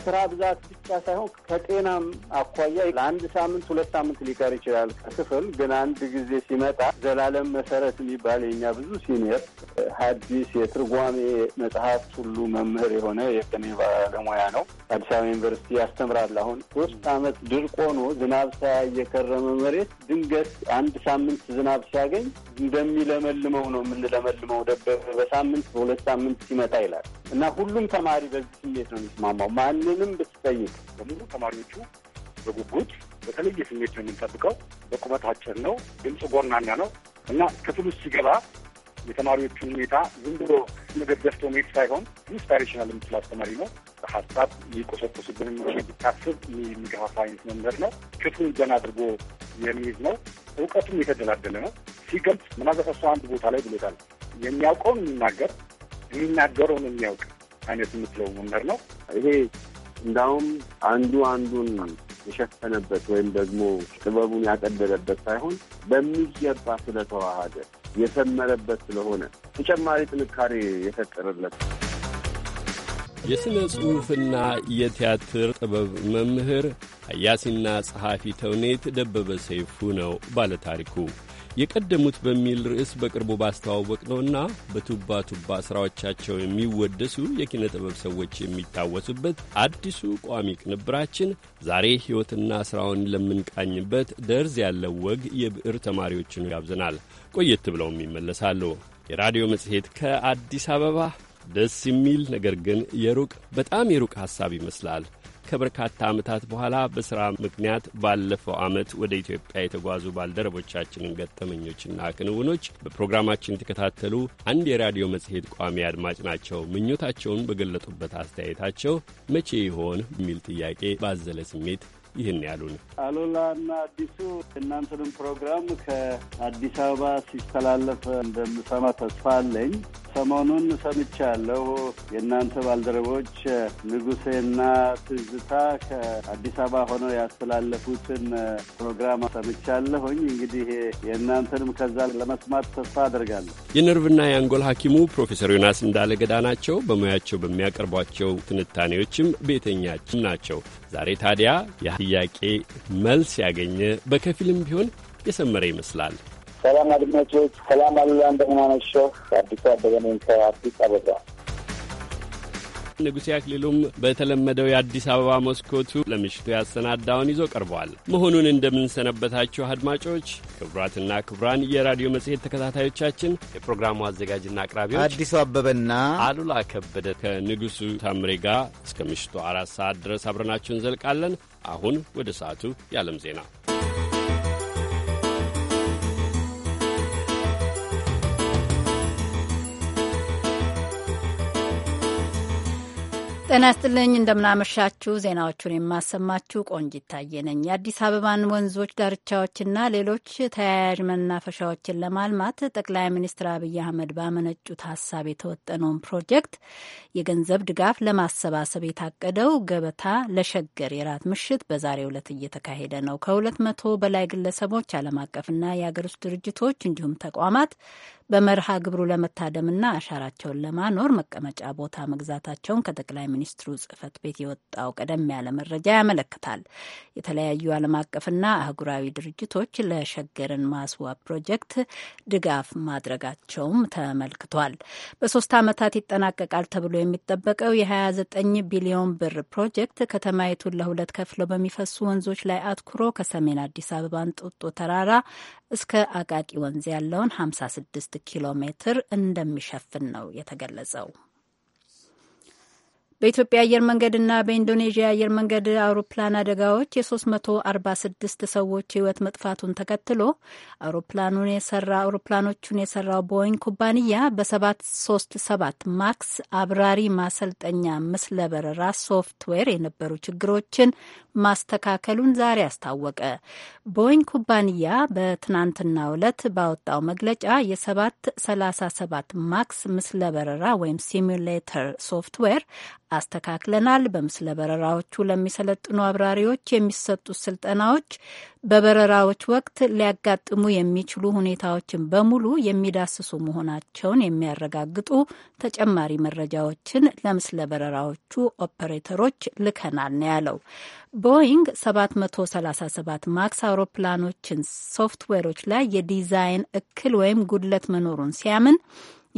ከስራ ብዛት ብቻ ሳይሆን ከጤናም አኳያ ለአንድ ሳምንት ሁለት ሳምንት ሊቀር ይችላል ከክፍል ግን አንድ ጊዜ ሲመጣ ዘላለም መሰረት የሚባል የኛ ብዙ ሲኒየር ሀዲስ የትርጓሜ መጽሐፍት ሁሉ መምህር የሆነ የቅኔ ባለሙያ ነው። አዲስ አበባ ዩኒቨርሲቲ ያስተምራል። አሁን ሶስት አመት ድርቅ ሆኖ ዝናብ ሳያይ የከረመ መሬት ድንገት አንድ ሳምንት ዝናብ ሲያገኝ እንደሚለመልመው ነው የምንለመልመው ደበበ በሳምንት በሁለት ሳምንት ሲመጣ ይላል እና ሁሉም ተማሪ በዚህ ስሜት ነው የሚስማማው ማን ማንንም ብትጠይቅ በሙሉ ተማሪዎቹ በጉጉት በተለየ ስሜት ነው የምንጠብቀው። በቁመታችን ነው፣ ድምፅ ጎርናኛ ነው እና ክፍል ውስጥ ሲገባ የተማሪዎቹን ሁኔታ ዝም ብሎ ነገር ደፍቶ መሄድ ሳይሆን ኢንስፓሬሽናል የምትል አስተማሪ ነው። በሀሳብ ሊቆሰቁስብን ቢታስብ የሚገፋፋ አይነት መምህር ነው። ክፍሉን ዘና አድርጎ የሚይዝ ነው። እውቀቱም የተደላደለ ነው። ሲገልጽ ምናልባት እሱ አንድ ቦታ ላይ ብሎታል፣ የሚያውቀውን የሚናገር የሚናገረውን የሚያውቅ አይነት የምትለው መምህር ነው። ይሄ እንዳውም አንዱ አንዱን የሸፈነበት ወይም ደግሞ ጥበቡን ያቀደለበት ሳይሆን በሚገባ ስለተዋሃደ የሰመረበት ስለሆነ ተጨማሪ ጥንካሬ የፈጠረለት የሥነ ጽሑፍና የቲያትር ጥበብ መምህር አያሲና ጸሐፊ ተውኔት ደበበ ሰይፉ ነው ባለታሪኩ። የቀደሙት በሚል ርዕስ በቅርቡ ባስተዋወቅ ነውና በቱባ ቱባ ሥራዎቻቸው የሚወደሱ የኪነ ጥበብ ሰዎች የሚታወሱበት አዲሱ ቋሚ ቅንብራችን ዛሬ ሕይወትና ሥራውን ለምንቃኝበት ደርዝ ያለው ወግ የብዕር ተማሪዎችን ጋብዘናል። ቆየት ብለውም ይመለሳሉ። የራዲዮ መጽሔት ከአዲስ አበባ ደስ የሚል ነገር ግን የሩቅ በጣም የሩቅ ሐሳብ ይመስላል ከበርካታ ዓመታት በኋላ በሥራ ምክንያት ባለፈው ዓመት ወደ ኢትዮጵያ የተጓዙ ባልደረቦቻችንን ገጠመኞችና ክንውኖች በፕሮግራማችን የተከታተሉ አንድ የራዲዮ መጽሔት ቋሚ አድማጭ ናቸው። ምኞታቸውን በገለጡበት አስተያየታቸው መቼ ይሆን የሚል ጥያቄ ባዘለ ስሜት ይህን ያሉን አሉላና አዲሱ እናንተንም ፕሮግራም ከአዲስ አበባ ሲተላለፍ እንደምሰማ ተስፋ አለኝ። ሰሞኑን ሰምቻለሁ። የእናንተ ባልደረቦች ንጉሴና ትዝታ ከአዲስ አበባ ሆነው ያስተላለፉትን ፕሮግራም ሰምቻለሁኝ። እንግዲህ የእናንተንም ከዛ ለመስማት ተስፋ አደርጋለሁ። የነርቭና የአንጎል ሐኪሙ ፕሮፌሰር ዮናስ እንዳለገዳ ናቸው። በሙያቸው በሚያቀርቧቸው ትንታኔዎችም ቤተኛችን ናቸው። ዛሬ ታዲያ የጥያቄ መልስ ያገኘ በከፊልም ቢሆን የሰመረ ይመስላል። ሰላም አድማጮች፣ ሰላም አሉላ እንደምናመሸው አዲሱ አበበ ነኝ ከአዲስ አበባ። ንጉሴ አክሊሉም በተለመደው የአዲስ አበባ መስኮቱ ለምሽቱ ያሰናዳውን ይዞ ቀርቧል። መሆኑን እንደምንሰነበታችሁ አድማጮች፣ ክቡራትና ክቡራን የራዲዮ መጽሔት ተከታታዮቻችን የፕሮግራሙ አዘጋጅና አቅራቢዎች አዲሱ አበበና አሉላ ከበደ ከንጉሱ ታምሬ ጋር እስከ ምሽቱ አራት ሰዓት ድረስ አብረናችሁ እንዘልቃለን። አሁን ወደ ሰዓቱ የዓለም ዜና ጤና ይስጥልኝ እንደምናመሻችሁ። ዜናዎቹን የማሰማችሁ ቆንጅ ታየ ነኝ። የአዲስ አበባን ወንዞች ዳርቻዎችና ሌሎች ተያያዥ መናፈሻዎችን ለማልማት ጠቅላይ ሚኒስትር አብይ አህመድ ባመነጩት ሀሳብ የተወጠነውን ፕሮጀክት የገንዘብ ድጋፍ ለማሰባሰብ የታቀደው ገበታ ለሸገር የራት ምሽት በዛሬው ዕለት እየተካሄደ ነው። ከሁለት መቶ በላይ ግለሰቦች ዓለም አቀፍና የአገር ውስጥ ድርጅቶች እንዲሁም ተቋማት በመርሃ ግብሩ ለመታደምና አሻራቸውን ለማኖር መቀመጫ ቦታ መግዛታቸውን ከጠቅላይ ሚኒስትሩ ጽህፈት ቤት የወጣው ቀደም ያለ መረጃ ያመለክታል። የተለያዩ ዓለም አቀፍና አህጉራዊ ድርጅቶች ለሸገርን ማስዋብ ፕሮጀክት ድጋፍ ማድረጋቸውም ተመልክቷል። በሶስት ዓመታት ይጠናቀቃል ተብሎ የሚጠበቀው የ29 ቢሊዮን ብር ፕሮጀክት ከተማይቱን ለሁለት ከፍለው በሚፈሱ ወንዞች ላይ አትኩሮ ከሰሜን አዲስ አበባ እንጦጦ ተራራ እስከ አቃቂ ወንዝ ያለውን 56 ኪሎ ሜትር እንደሚሸፍን ነው የተገለጸው። በኢትዮጵያ አየር መንገድና በኢንዶኔዥያ አየር መንገድ አውሮፕላን አደጋዎች የ346 ሰዎች ሕይወት መጥፋቱን ተከትሎ አውሮፕላኑን የሰራ አውሮፕላኖቹን የሰራው ቦይንግ ኩባንያ በ737 ማክስ አብራሪ ማሰልጠኛ ምስለ በረራ ሶፍትዌር የነበሩ ችግሮችን ማስተካከሉን ዛሬ አስታወቀ። ቦይንግ ኩባንያ በትናንትናው ዕለት ባወጣው መግለጫ የ737 ማክስ ምስለ በረራ ወይም ሲሚሌተር ሶፍትዌር አስተካክለናል። በምስለ በረራዎቹ ለሚሰለጥኑ አብራሪዎች የሚሰጡት ስልጠናዎች በበረራዎች ወቅት ሊያጋጥሙ የሚችሉ ሁኔታዎችን በሙሉ የሚዳስሱ መሆናቸውን የሚያረጋግጡ ተጨማሪ መረጃዎችን ለምስለ በረራዎቹ ኦፐሬተሮች ልከናል ነው ያለው። ቦይንግ 737 ማክስ አውሮፕላኖችን ሶፍትዌሮች ላይ የዲዛይን እክል ወይም ጉድለት መኖሩን ሲያምን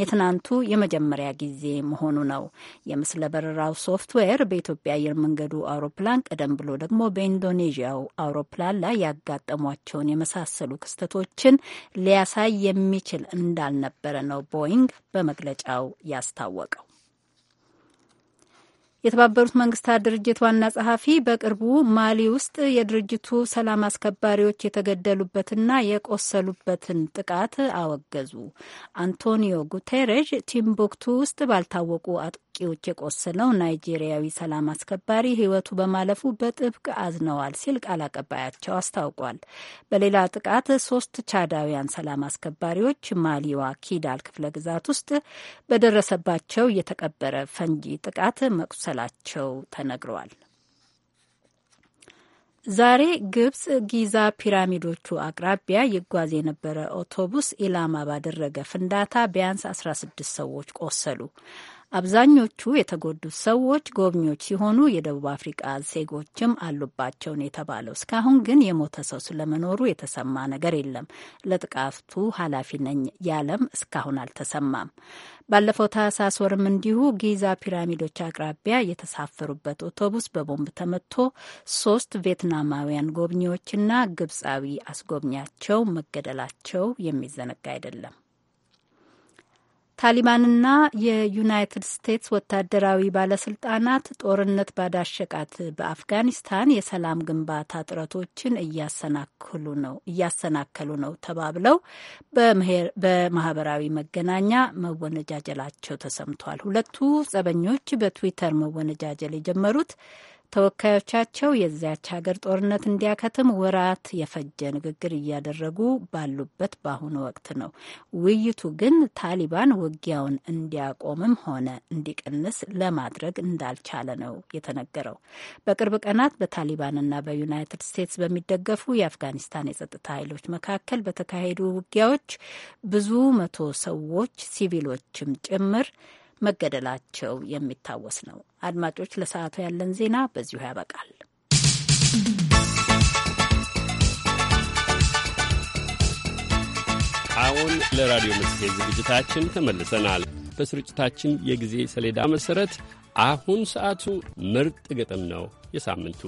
የትናንቱ የመጀመሪያ ጊዜ መሆኑ ነው። የምስለ በረራው ሶፍትዌር በኢትዮጵያ አየር መንገዱ አውሮፕላን ቀደም ብሎ ደግሞ በኢንዶኔዥያው አውሮፕላን ላይ ያጋጠሟቸውን የመሳሰሉ ክስተቶችን ሊያሳይ የሚችል እንዳልነበረ ነው ቦይንግ በመግለጫው ያስታወቀው። የተባበሩት መንግስታት ድርጅት ዋና ጸሐፊ በቅርቡ ማሊ ውስጥ የድርጅቱ ሰላም አስከባሪዎች የተገደሉበትና የቆሰሉበትን ጥቃት አወገዙ። አንቶኒዮ ጉቴሬዥ ቲምቡክቱ ውስጥ ባልታወቁ ታጣቂዎች የቆሰለው ናይጄሪያዊ ሰላም አስከባሪ ሕይወቱ በማለፉ በጥብቅ አዝነዋል ሲል ቃል አቀባያቸው አስታውቋል። በሌላ ጥቃት ሶስት ቻዳውያን ሰላም አስከባሪዎች ማሊዋ ኪዳል ክፍለ ግዛት ውስጥ በደረሰባቸው የተቀበረ ፈንጂ ጥቃት መቁሰላቸው ተነግረዋል። ዛሬ ግብጽ ጊዛ ፒራሚዶቹ አቅራቢያ ይጓዝ የነበረ አውቶቡስ ኢላማ ባደረገ ፍንዳታ ቢያንስ 16 ሰዎች ቆሰሉ። አብዛኞቹ የተጎዱት ሰዎች ጎብኚዎች ሲሆኑ የደቡብ አፍሪቃ ዜጎችም አሉባቸው ነው የተባለው። እስካሁን ግን የሞተ ሰው ስለመኖሩ የተሰማ ነገር የለም። ለጥቃቱ ኃላፊ ነኝ ያለም እስካሁን አልተሰማም። ባለፈው ታህሳስ ወርም እንዲሁ ጊዛ ፒራሚዶች አቅራቢያ የተሳፈሩበት አውቶቡስ በቦምብ ተመቶ ሶስት ቪየትናማውያን ጎብኚዎችና ግብፃዊ አስጎብኛቸው መገደላቸው የሚዘነጋ አይደለም። ታሊባንና የዩናይትድ ስቴትስ ወታደራዊ ባለስልጣናት ጦርነት ባዳሸቃት በአፍጋኒስታን የሰላም ግንባታ ጥረቶችን እያሰናከሉ ነው ተባብለው በማህበራዊ መገናኛ መወነጃጀላቸው ተሰምቷል። ሁለቱ ጸበኞች በትዊተር መወነጃጀል የጀመሩት ተወካዮቻቸው የዚያች ሀገር ጦርነት እንዲያከትም ወራት የፈጀ ንግግር እያደረጉ ባሉበት በአሁኑ ወቅት ነው። ውይይቱ ግን ታሊባን ውጊያውን እንዲያቆምም ሆነ እንዲቀንስ ለማድረግ እንዳልቻለ ነው የተነገረው። በቅርብ ቀናት በታሊባንና በዩናይትድ ስቴትስ በሚደገፉ የአፍጋኒስታን የጸጥታ ኃይሎች መካከል በተካሄዱ ውጊያዎች ብዙ መቶ ሰዎች ሲቪሎችም ጭምር መገደላቸው የሚታወስ ነው። አድማጮች፣ ለሰዓቱ ያለን ዜና በዚሁ ያበቃል። አሁን ለራዲዮ መጽሔት ዝግጅታችን ተመልሰናል። በስርጭታችን የጊዜ ሰሌዳ መሠረት አሁን ሰዓቱ ምርጥ ግጥም ነው። የሳምንቱ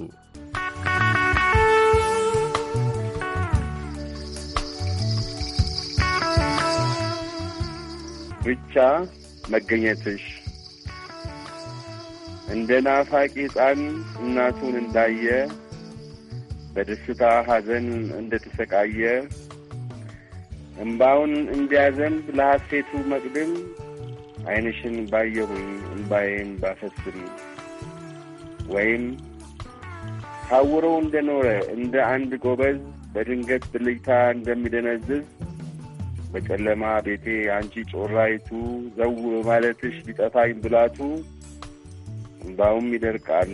ብቻ መገኘትሽ እንደ ናፋቂ ሕፃን እናቱን እንዳየ በደስታ ሐዘን እንደተሰቃየ እምባውን እንዲያዘንብ ለሐሴቱ መቅድም ዓይንሽን ባየሁኝ እምባዬን ባፈስም ወይም ታውሮ እንደኖረ እንደ አንድ ጎበዝ በድንገት ብልጭታ እንደሚደነዝዝ በጨለማ ቤቴ አንቺ ጮራይቱ ዘው በማለትሽ ቢጠፋኝ ብላቱ እንባውም ይደርቃል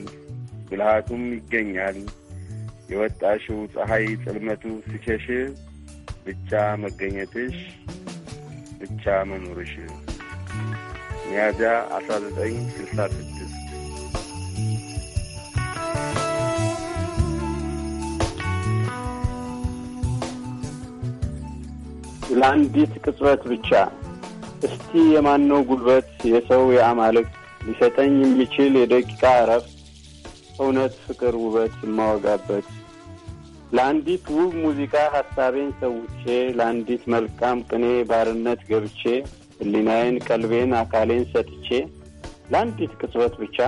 ብልሃቱም ይገኛል የወጣሽው ፀሐይ ጽልመቱ ስቸሽ ብቻ መገኘትሽ ብቻ መኖርሽ ሚያዝያ 1966 ለአንዲት ቅጽበት ብቻ እስቲ የማነው ጉልበት የሰው የአማልክት ሊሰጠኝ የሚችል የደቂቃ እረፍት እውነት ፍቅር ውበት የማወጋበት ለአንዲት ውብ ሙዚቃ ሀሳቤን ሰውቼ ለአንዲት መልካም ቅኔ ባርነት ገብቼ ህሊናዬን ቀልቤን አካሌን ሰጥቼ ለአንዲት ቅጽበት ብቻ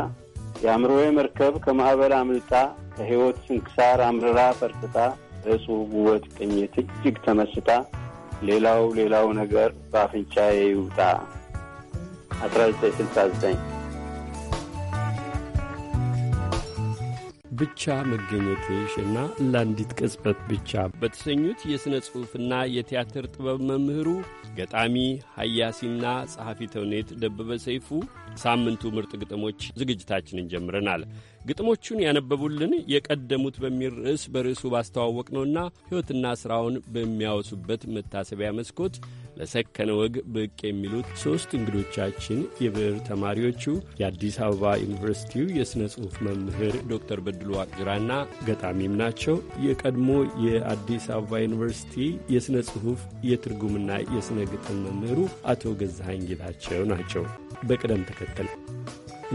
የአእምሮዬ መርከብ ከማዕበል አምልጣ ከሕይወት ስንክሳር አምርራ ፈርጥጣ እጹብ ውበት ቅኝት እጅግ ተመስጣ ሌላው ሌላው ነገር በአፍንጫዬ ይውጣ 1969 ብቻ መገኘትሽ እና ለአንዲት ቅጽበት ብቻ በተሰኙት የሥነ ጽሑፍና የቲያትር ጥበብ መምህሩ ገጣሚ ሐያሲና ጸሐፊ ተውኔት ደበበ ሰይፉ ሳምንቱ ምርጥ ግጥሞች ዝግጅታችንን ጀምረናል። ግጥሞቹን ያነበቡልን የቀደሙት በሚል ርዕስ በርዕሱ ባስተዋወቅ ነውና ሕይወትና ሥራውን በሚያወሱበት መታሰቢያ መስኮት ለሰከነ ወግ ብቅ የሚሉት ሦስት እንግዶቻችን የብዕር ተማሪዎቹ የአዲስ አበባ ዩኒቨርሲቲው የሥነ ጽሑፍ መምህር ዶክተር በድሉ አቅጅራና ገጣሚም ናቸው። የቀድሞ የአዲስ አበባ ዩኒቨርሲቲ የሥነ ጽሑፍ የትርጉምና የሥነ ግጥም መምህሩ አቶ ገዛኸኝ ጌታቸው ናቸው። በቅደም ተከተል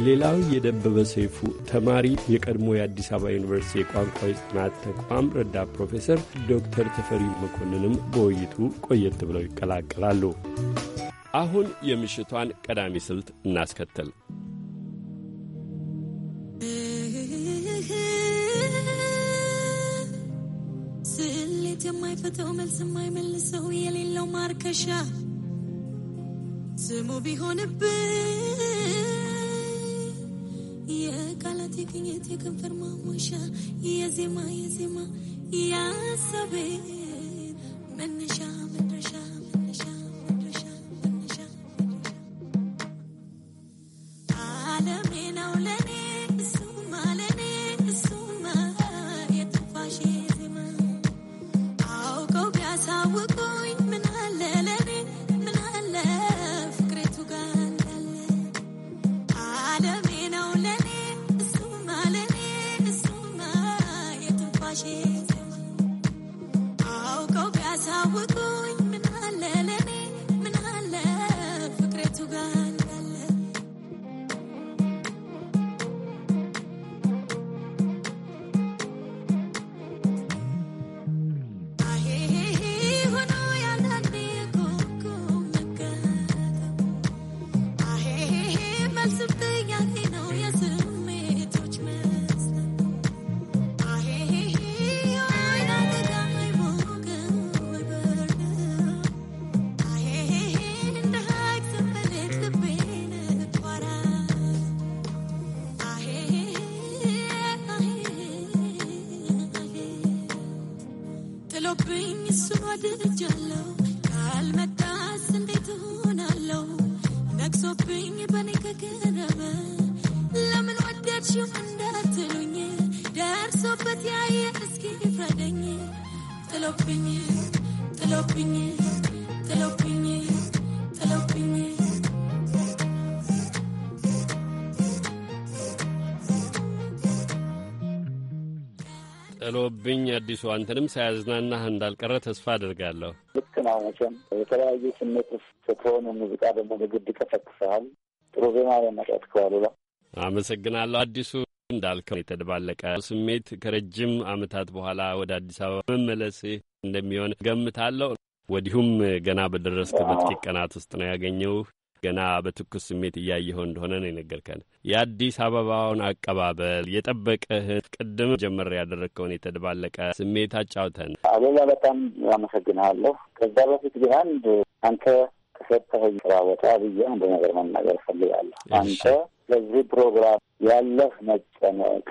ሌላው የደበበ ሰይፉ ተማሪ የቀድሞ የአዲስ አበባ ዩኒቨርሲቲ የቋንቋ ጥናት ተቋም ረዳት ፕሮፌሰር ዶክተር ተፈሪ መኮንንም በውይይቱ ቆየት ብለው ይቀላቀላሉ። አሁን የምሽቷን ቀዳሚ ስልት እናስከትል። ስሌት የማይፈተው መልስ የማይመልሰው የሌለው ማርከሻ ስሙ ቢሆንብን የቃላት የቅኝት የከንፈር ማሞሻ የዜማ የዜማ ያሰቤ መነሻ አዲሱ አንተንም ሳያዝናናህ እንዳልቀረ ተስፋ አድርጋለሁ። ልክ ነው። መቼም የተለያዩ ስሜት ስትሆን ሙዚቃ ደግሞ በግድ ይቀሰቅሰሃል። ጥሩ ዜማ በመጫት ከዋሉላ አመሰግናለሁ አዲሱ። እንዳልከው የተደባለቀ ስሜት ከረጅም ዓመታት በኋላ ወደ አዲስ አበባ መመለስ እንደሚሆን ገምታለሁ። ወዲሁም ገና በደረስክበት ቀናት ውስጥ ነው ያገኘው። ገና በትኩስ ስሜት እያየኸው እንደሆነ ነው የነገርከን። የአዲስ አበባውን አቀባበል የጠበቀህን ቅድም ጀመር ያደረግከውን የተደባለቀ ስሜት አጫውተን። አሉላ በጣም አመሰግናለሁ። ከዛ በፊት ግን አንድ አንተ ከሰጠኸኝ ስራ ቦታ ብዬ አንድ ነገር መናገር እፈልጋለሁ። አንተ ለዚህ ፕሮግራም ያለህ መጨነቅ፣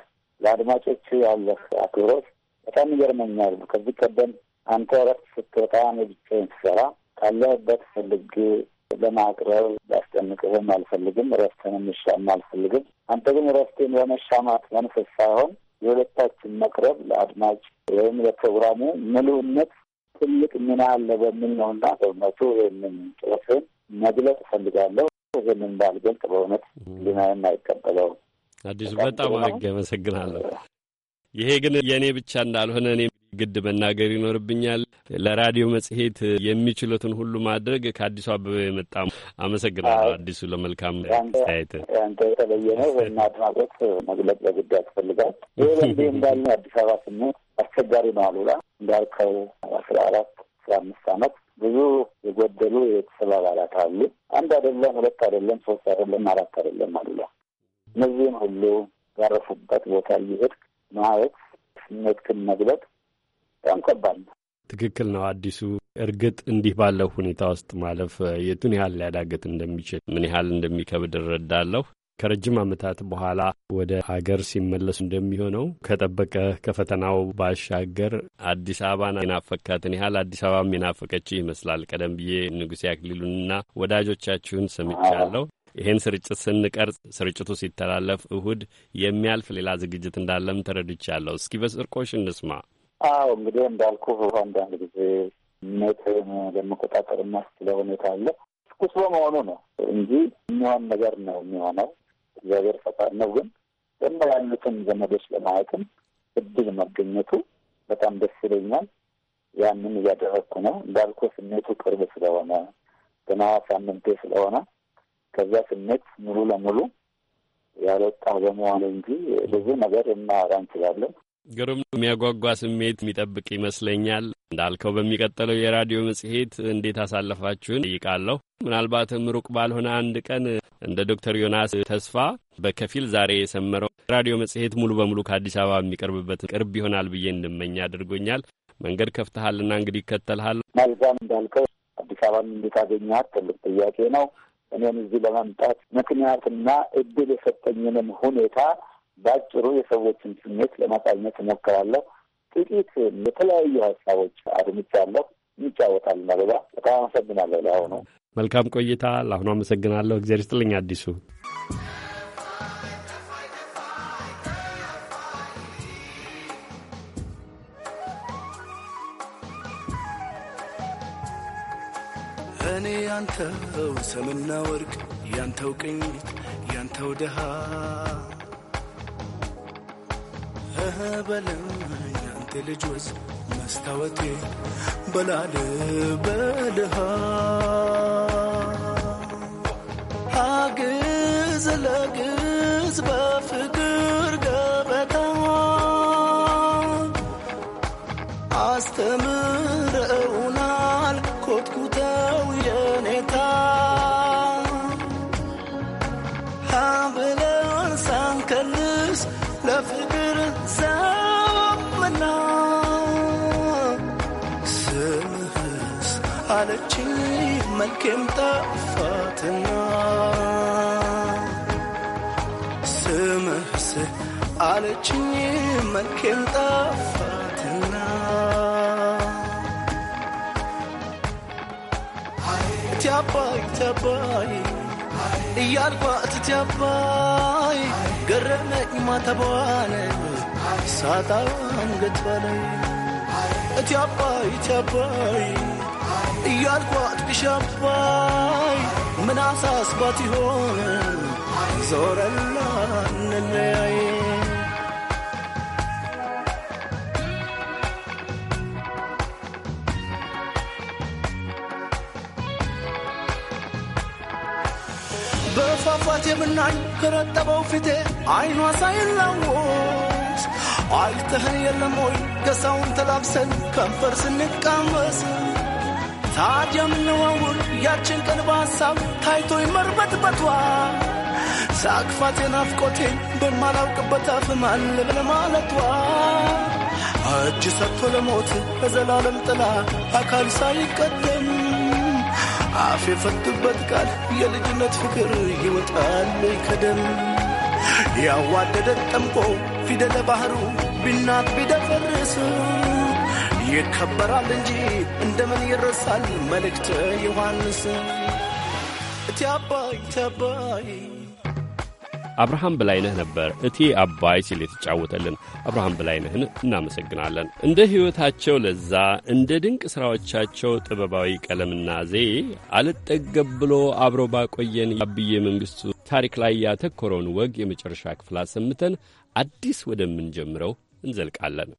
ለአድማጮቹ ያለህ አክብሮት በጣም ይገርመኛል። ከዚህ ቀደም አንተ እረፍት ስትወጣ እኔ ብቻዬን ስሰራ ካለህበት ፈልጌ ለማቅረብ ላስጨንቅህም አልፈልግም፣ እረፍትህን የሚሻማ አልፈልግም። አንተ ግን እረፍቴን በመሻማት መንፈስ ሳይሆን የሁለታችን መቅረብ ለአድማጭ ወይም ለፕሮግራሙ ምሉዕነት ትልቅ ሚና አለ በሚል ነው እና በእውነቱ ይህንን ጥረትን መግለጽ እፈልጋለሁ። ግን እንዳልገልጥ በእውነት ሊናይም አይቀበለውም። አዲሱ በጣም አድርጌ አመሰግናለሁ። ይሄ ግን የእኔ ብቻ እንዳልሆነ እኔ ግድ መናገር ይኖርብኛል። ለራዲዮ መጽሔት የሚችሉትን ሁሉ ማድረግ ከአዲሱ አበበ የመጣ አመሰግናለሁ። አዲሱ ለመልካም አስተያየት ያንተ የተለየ ነው ወይም አድናቆት መግለጽ በግድ ያስፈልጋል። ይህ እንዲህ እንዳለ አዲስ አበባ ስሜት አስቸጋሪ ነው አሉላ እንዳልከው አስራ አራት አስራ አምስት አመት ብዙ የጎደሉ የቤተሰብ አባላት አሉ። አንድ አይደለም፣ ሁለት አይደለም፣ ሶስት አይደለም፣ አራት አይደለም አሉላ እነዚህም ሁሉ ያረፉበት ቦታ እየሄድክ ማየት ስሜትክን መግለጥ በጣም ከባድ ነው። ትክክል ነው አዲሱ። እርግጥ እንዲህ ባለው ሁኔታ ውስጥ ማለፍ የቱን ያህል ሊያዳግት እንደሚችል ምን ያህል እንደሚከብድ እረዳለሁ። ከረጅም ዓመታት በኋላ ወደ ሀገር ሲመለሱ እንደሚሆነው ከጠበቀ ከፈተናው ባሻገር አዲስ አበባን የናፈካትን ያህል አዲስ አበባም የናፈቀችው ይመስላል። ቀደም ብዬ ንጉሴ አክሊሉንና ወዳጆቻችሁን ሰምቻለሁ። ይህን ስርጭት ስንቀርጽ ስርጭቱ ሲተላለፍ እሁድ የሚያልፍ ሌላ ዝግጅት እንዳለም ተረድቻለሁ። እስኪ በስርቆሽ እንስማ። አዎ እንግዲህ እንዳልኩ አንዳንድ ጊዜ ስሜትን ለመቆጣጠር የሚያስችለው ሁኔታ አለ። ትኩስ በመሆኑ ነው እንጂ የሚሆን ነገር ነው የሚሆነው። እግዚአብሔር ፈቃድ ነው። ግን ደግሞ ያሉትን ዘመዶች ለማየትም እድል መገኘቱ በጣም ደስ ይለኛል። ያንን እያደረግኩ ነው። እንዳልኩ ስሜቱ ቅርብ ስለሆነ ገና ሳምንቴ ስለሆነ ከዛ ስሜት ሙሉ ለሙሉ ያልወጣ በመዋል እንጂ ብዙ ነገር ልናወራ እንችላለን። ግሩም የሚያጓጓ ስሜት የሚጠብቅ ይመስለኛል። እንዳልከው በሚቀጥለው የራዲዮ መጽሔት እንዴት አሳለፋችሁን ጠይቃለሁ። ምናልባትም ሩቅ ባልሆነ አንድ ቀን እንደ ዶክተር ዮናስ ተስፋ በከፊል ዛሬ የሰመረው ራዲዮ መጽሔት ሙሉ በሙሉ ከአዲስ አበባ የሚቀርብበት ቅርብ ይሆናል ብዬ እንድመኝ አድርጎኛል። መንገድ ከፍተሃልና እንግዲህ ይከተልሃል። መልካም። እንዳልከው አዲስ አበባን እንዴት አገኘሃት ትልቅ ጥያቄ ነው። እኔን እዚህ ለማምጣት ምክንያትና እድል የሰጠኝንም ሁኔታ ባጭሩ የሰዎችን ስሜት ለማጣኘት እሞክራለሁ። ጥቂት የተለያዩ ሀሳቦች አድምጫለሁ። ይጫወታል አበባ በጣም አመሰግናለሁ። ለአሁኑ መልካም ቆይታ። ለአሁኑ አመሰግናለሁ። እግዚአብሔር ይስጥልኝ አዲሱ እኔ ያንተው ሰምና ወርቅ ያንተው ቅኝት ያንተው ድሃ እህ በለኝ ያንተ ልጅ ወዝ መስታወቴ በላል በልሃ አግዝ ለግዝ በፍቅር ገበታ አስተምረውና አለች መልኬም ጠፋትና ስምህስ አለች መልኬም ጠፋትና ትያባይ ትያባይ እያልኳት ትያባይ ገረመኝ ማተቧን ሳጣ አንገቷ ላይ እትያባይ ትያባይ እያልኳት ብሻባይ ምን አሳስባት ይሆን ዞረላ እንለያይ በፏፏቴ ብናኝ ከረጠበው ፊቴ አይኗ ሳይላወስ አይተኸን የለም ወይ ገሳውን ተላብሰን ከንፈር ስንቃመስ ታዲያ ምነዋውር ያችን ቀን በሀሳብ ታይቶ ይመርበትበቷ ሳክፋቴ የናፍቆቴን በማላውቅበት አፍማል ብለ ማለቷ እጅ ሰጥቶ ለሞት በዘላለም ጥላ አካል ሳይቀደም አፍ የፈቱበት ቃል የልጅነት ፍቅር ይወጣል ከደም ያዋደደን ጠምቆ ፊደለ ባህሩ ቢናት ቢደፈርስ ይከበራል እንጂ እንደምን ይረሳል መልእክተ ዮሐንስ። እቴ አባይ እቴ አባይ አብርሃም በላይነህ ነበር እቴ አባይ ሲል የተጫወተልን። አብርሃም በላይነህን እናመሰግናለን። እንደ ሕይወታቸው ለዛ እንደ ድንቅ ሥራዎቻቸው ጥበባዊ ቀለምና ዘዬ አልጠገብ ብሎ አብሮ ባቆየን የአብዬ መንግሥቱ ታሪክ ላይ ያተኮረውን ወግ የመጨረሻ ክፍል አሰምተን አዲስ ወደምንጀምረው እንዘልቃለን።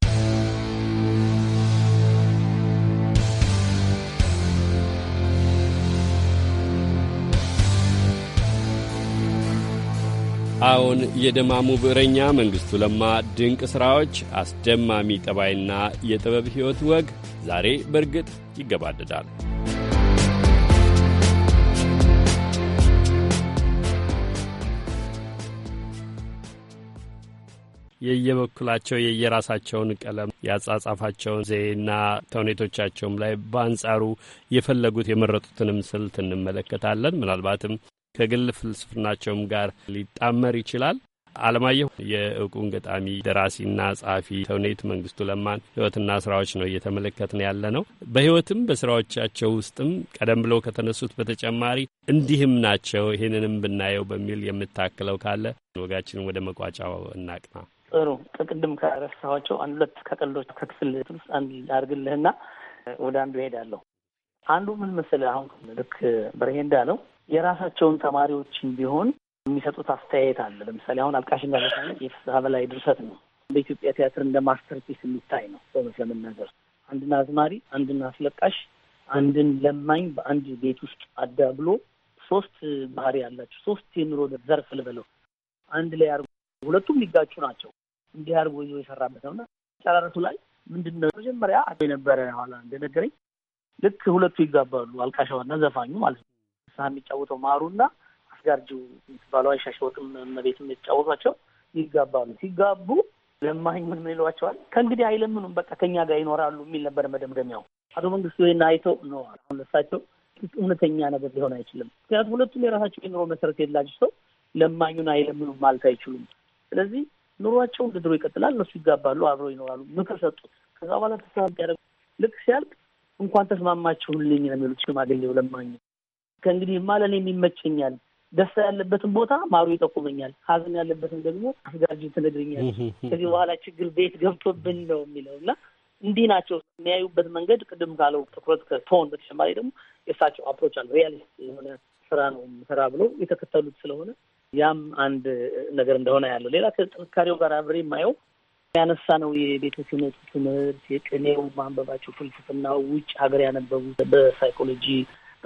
አዎን የደማሙ ብዕረኛ መንግሥቱ ለማ ድንቅ ሥራዎች፣ አስደማሚ ጠባይና የጥበብ ሕይወት ወግ ዛሬ በእርግጥ ይገባደዳል። የየበኩላቸው የየራሳቸውን ቀለም ያጻጻፋቸውን ዘዬና ተውኔቶቻቸውም ላይ በአንጻሩ የፈለጉት የመረጡትንም ስልት እንመለከታለን። ምናልባትም ከግል ፍልስፍናቸውም ጋር ሊጣመር ይችላል። አለማየሁ የእውቁን ገጣሚ ደራሲና ጸሐፊ ተውኔት መንግስቱ ለማን ህይወትና ስራዎች ነው እየተመለከትን ያለ ነው። በህይወትም በስራዎቻቸው ውስጥም ቀደም ብለው ከተነሱት በተጨማሪ እንዲህም ናቸው ይህንንም ብናየው በሚል የምታክለው ካለ ወጋችንን ወደ መቋጫው እናቅና። ጥሩ ከቅድም ከረሳኋቸው አንድ ሁለት ከቀልዶች ከክፍል ውስጥ አንድ አድርግልህና ወደ አንዱ ይሄዳለሁ። አንዱ ምን መሰለህ አሁን ልክ በርሄ እንዳለው የራሳቸውን ተማሪዎችን ቢሆን የሚሰጡት አስተያየት አለ። ለምሳሌ አሁን አልቃሽ ተሳለ የፍስሀ በላይ ድርሰት ነው። በኢትዮጵያ ቲያትር እንደ ማስተርፒስ የሚታይ ነው። በእውነት ለመናገር አንድን አዝማሪ፣ አንድን አስለቃሽ፣ አንድን ለማኝ በአንድ ቤት ውስጥ አዳብሎ ሶስት ባህሪ ያላቸው ሶስት የኑሮ ዘርፍ ልበለው አንድ ላይ አርጎ ሁለቱም ሊጋጩ ናቸው። እንዲህ አርጎ ይዞ የሰራበት ነው እና ጨራረሱ ላይ ምንድን ነው መጀመሪያ የነበረ ኋላ እንደነገረኝ ልክ ሁለቱ ይጋባሉ፣ አልቃሻዋና ዘፋኙ ማለት ነው ሳ የሚጫወተው ማሩና አስጋርጂው የምትባለው አይሻ ሸወቅም እመቤት የሚጫወቷቸው ይጋባሉ። ሲጋቡ ለማኝ ምን ምን ይሏቸዋል? ከእንግዲህ አይለምኑም፣ በቃ ከኛ ጋር ይኖራሉ የሚል ነበር መደምደሚያው። አቶ መንግስቱ ይህን አይተው ነው አሁን ለሳቸው እውነተኛ ነገር ሊሆን አይችልም። ምክንያቱም ሁለቱም የራሳቸው የኑሮ መሰረት የላቸው ሰው ለማኙን አይለምኑም ማለት አይችሉም። ስለዚህ ኑሯቸው እንደ ድሮ ይቀጥላል። እነሱ ይጋባሉ፣ አብረው ይኖራሉ። ምክር ሰጡት። ከዛ በኋላ ተስማሚ ያደረጉ ልክ ሲያልቅ እንኳን ተስማማችሁልኝ ነው የሚሉት ሽማግሌው ለማኙ ከእንግዲህ ማለን የሚመቸኛል ደስታ ያለበትን ቦታ ማሩ ይጠቁመኛል፣ ሀዘን ያለበትን ደግሞ አስጋጅ ትነግርኛል። ከዚህ በኋላ ችግር ቤት ገብቶብን ነው የሚለው እና እንዲህ ናቸው የሚያዩበት መንገድ። ቅድም ካለው ትኩረት ከቶን በተጨማሪ ደግሞ የእሳቸው አፕሮች አለ ሪያሊስት የሆነ ስራ ነው የምሰራ ብለው የተከተሉት ስለሆነ ያም አንድ ነገር እንደሆነ ያለው ሌላ ከጥንካሬው ጋር አብሬ የማየው ያነሳ ነው የቤተ ክህነቱ ትምህርት የቅኔው ማንበባቸው ፍልስፍና ውጭ ሀገር ያነበቡ በሳይኮሎጂ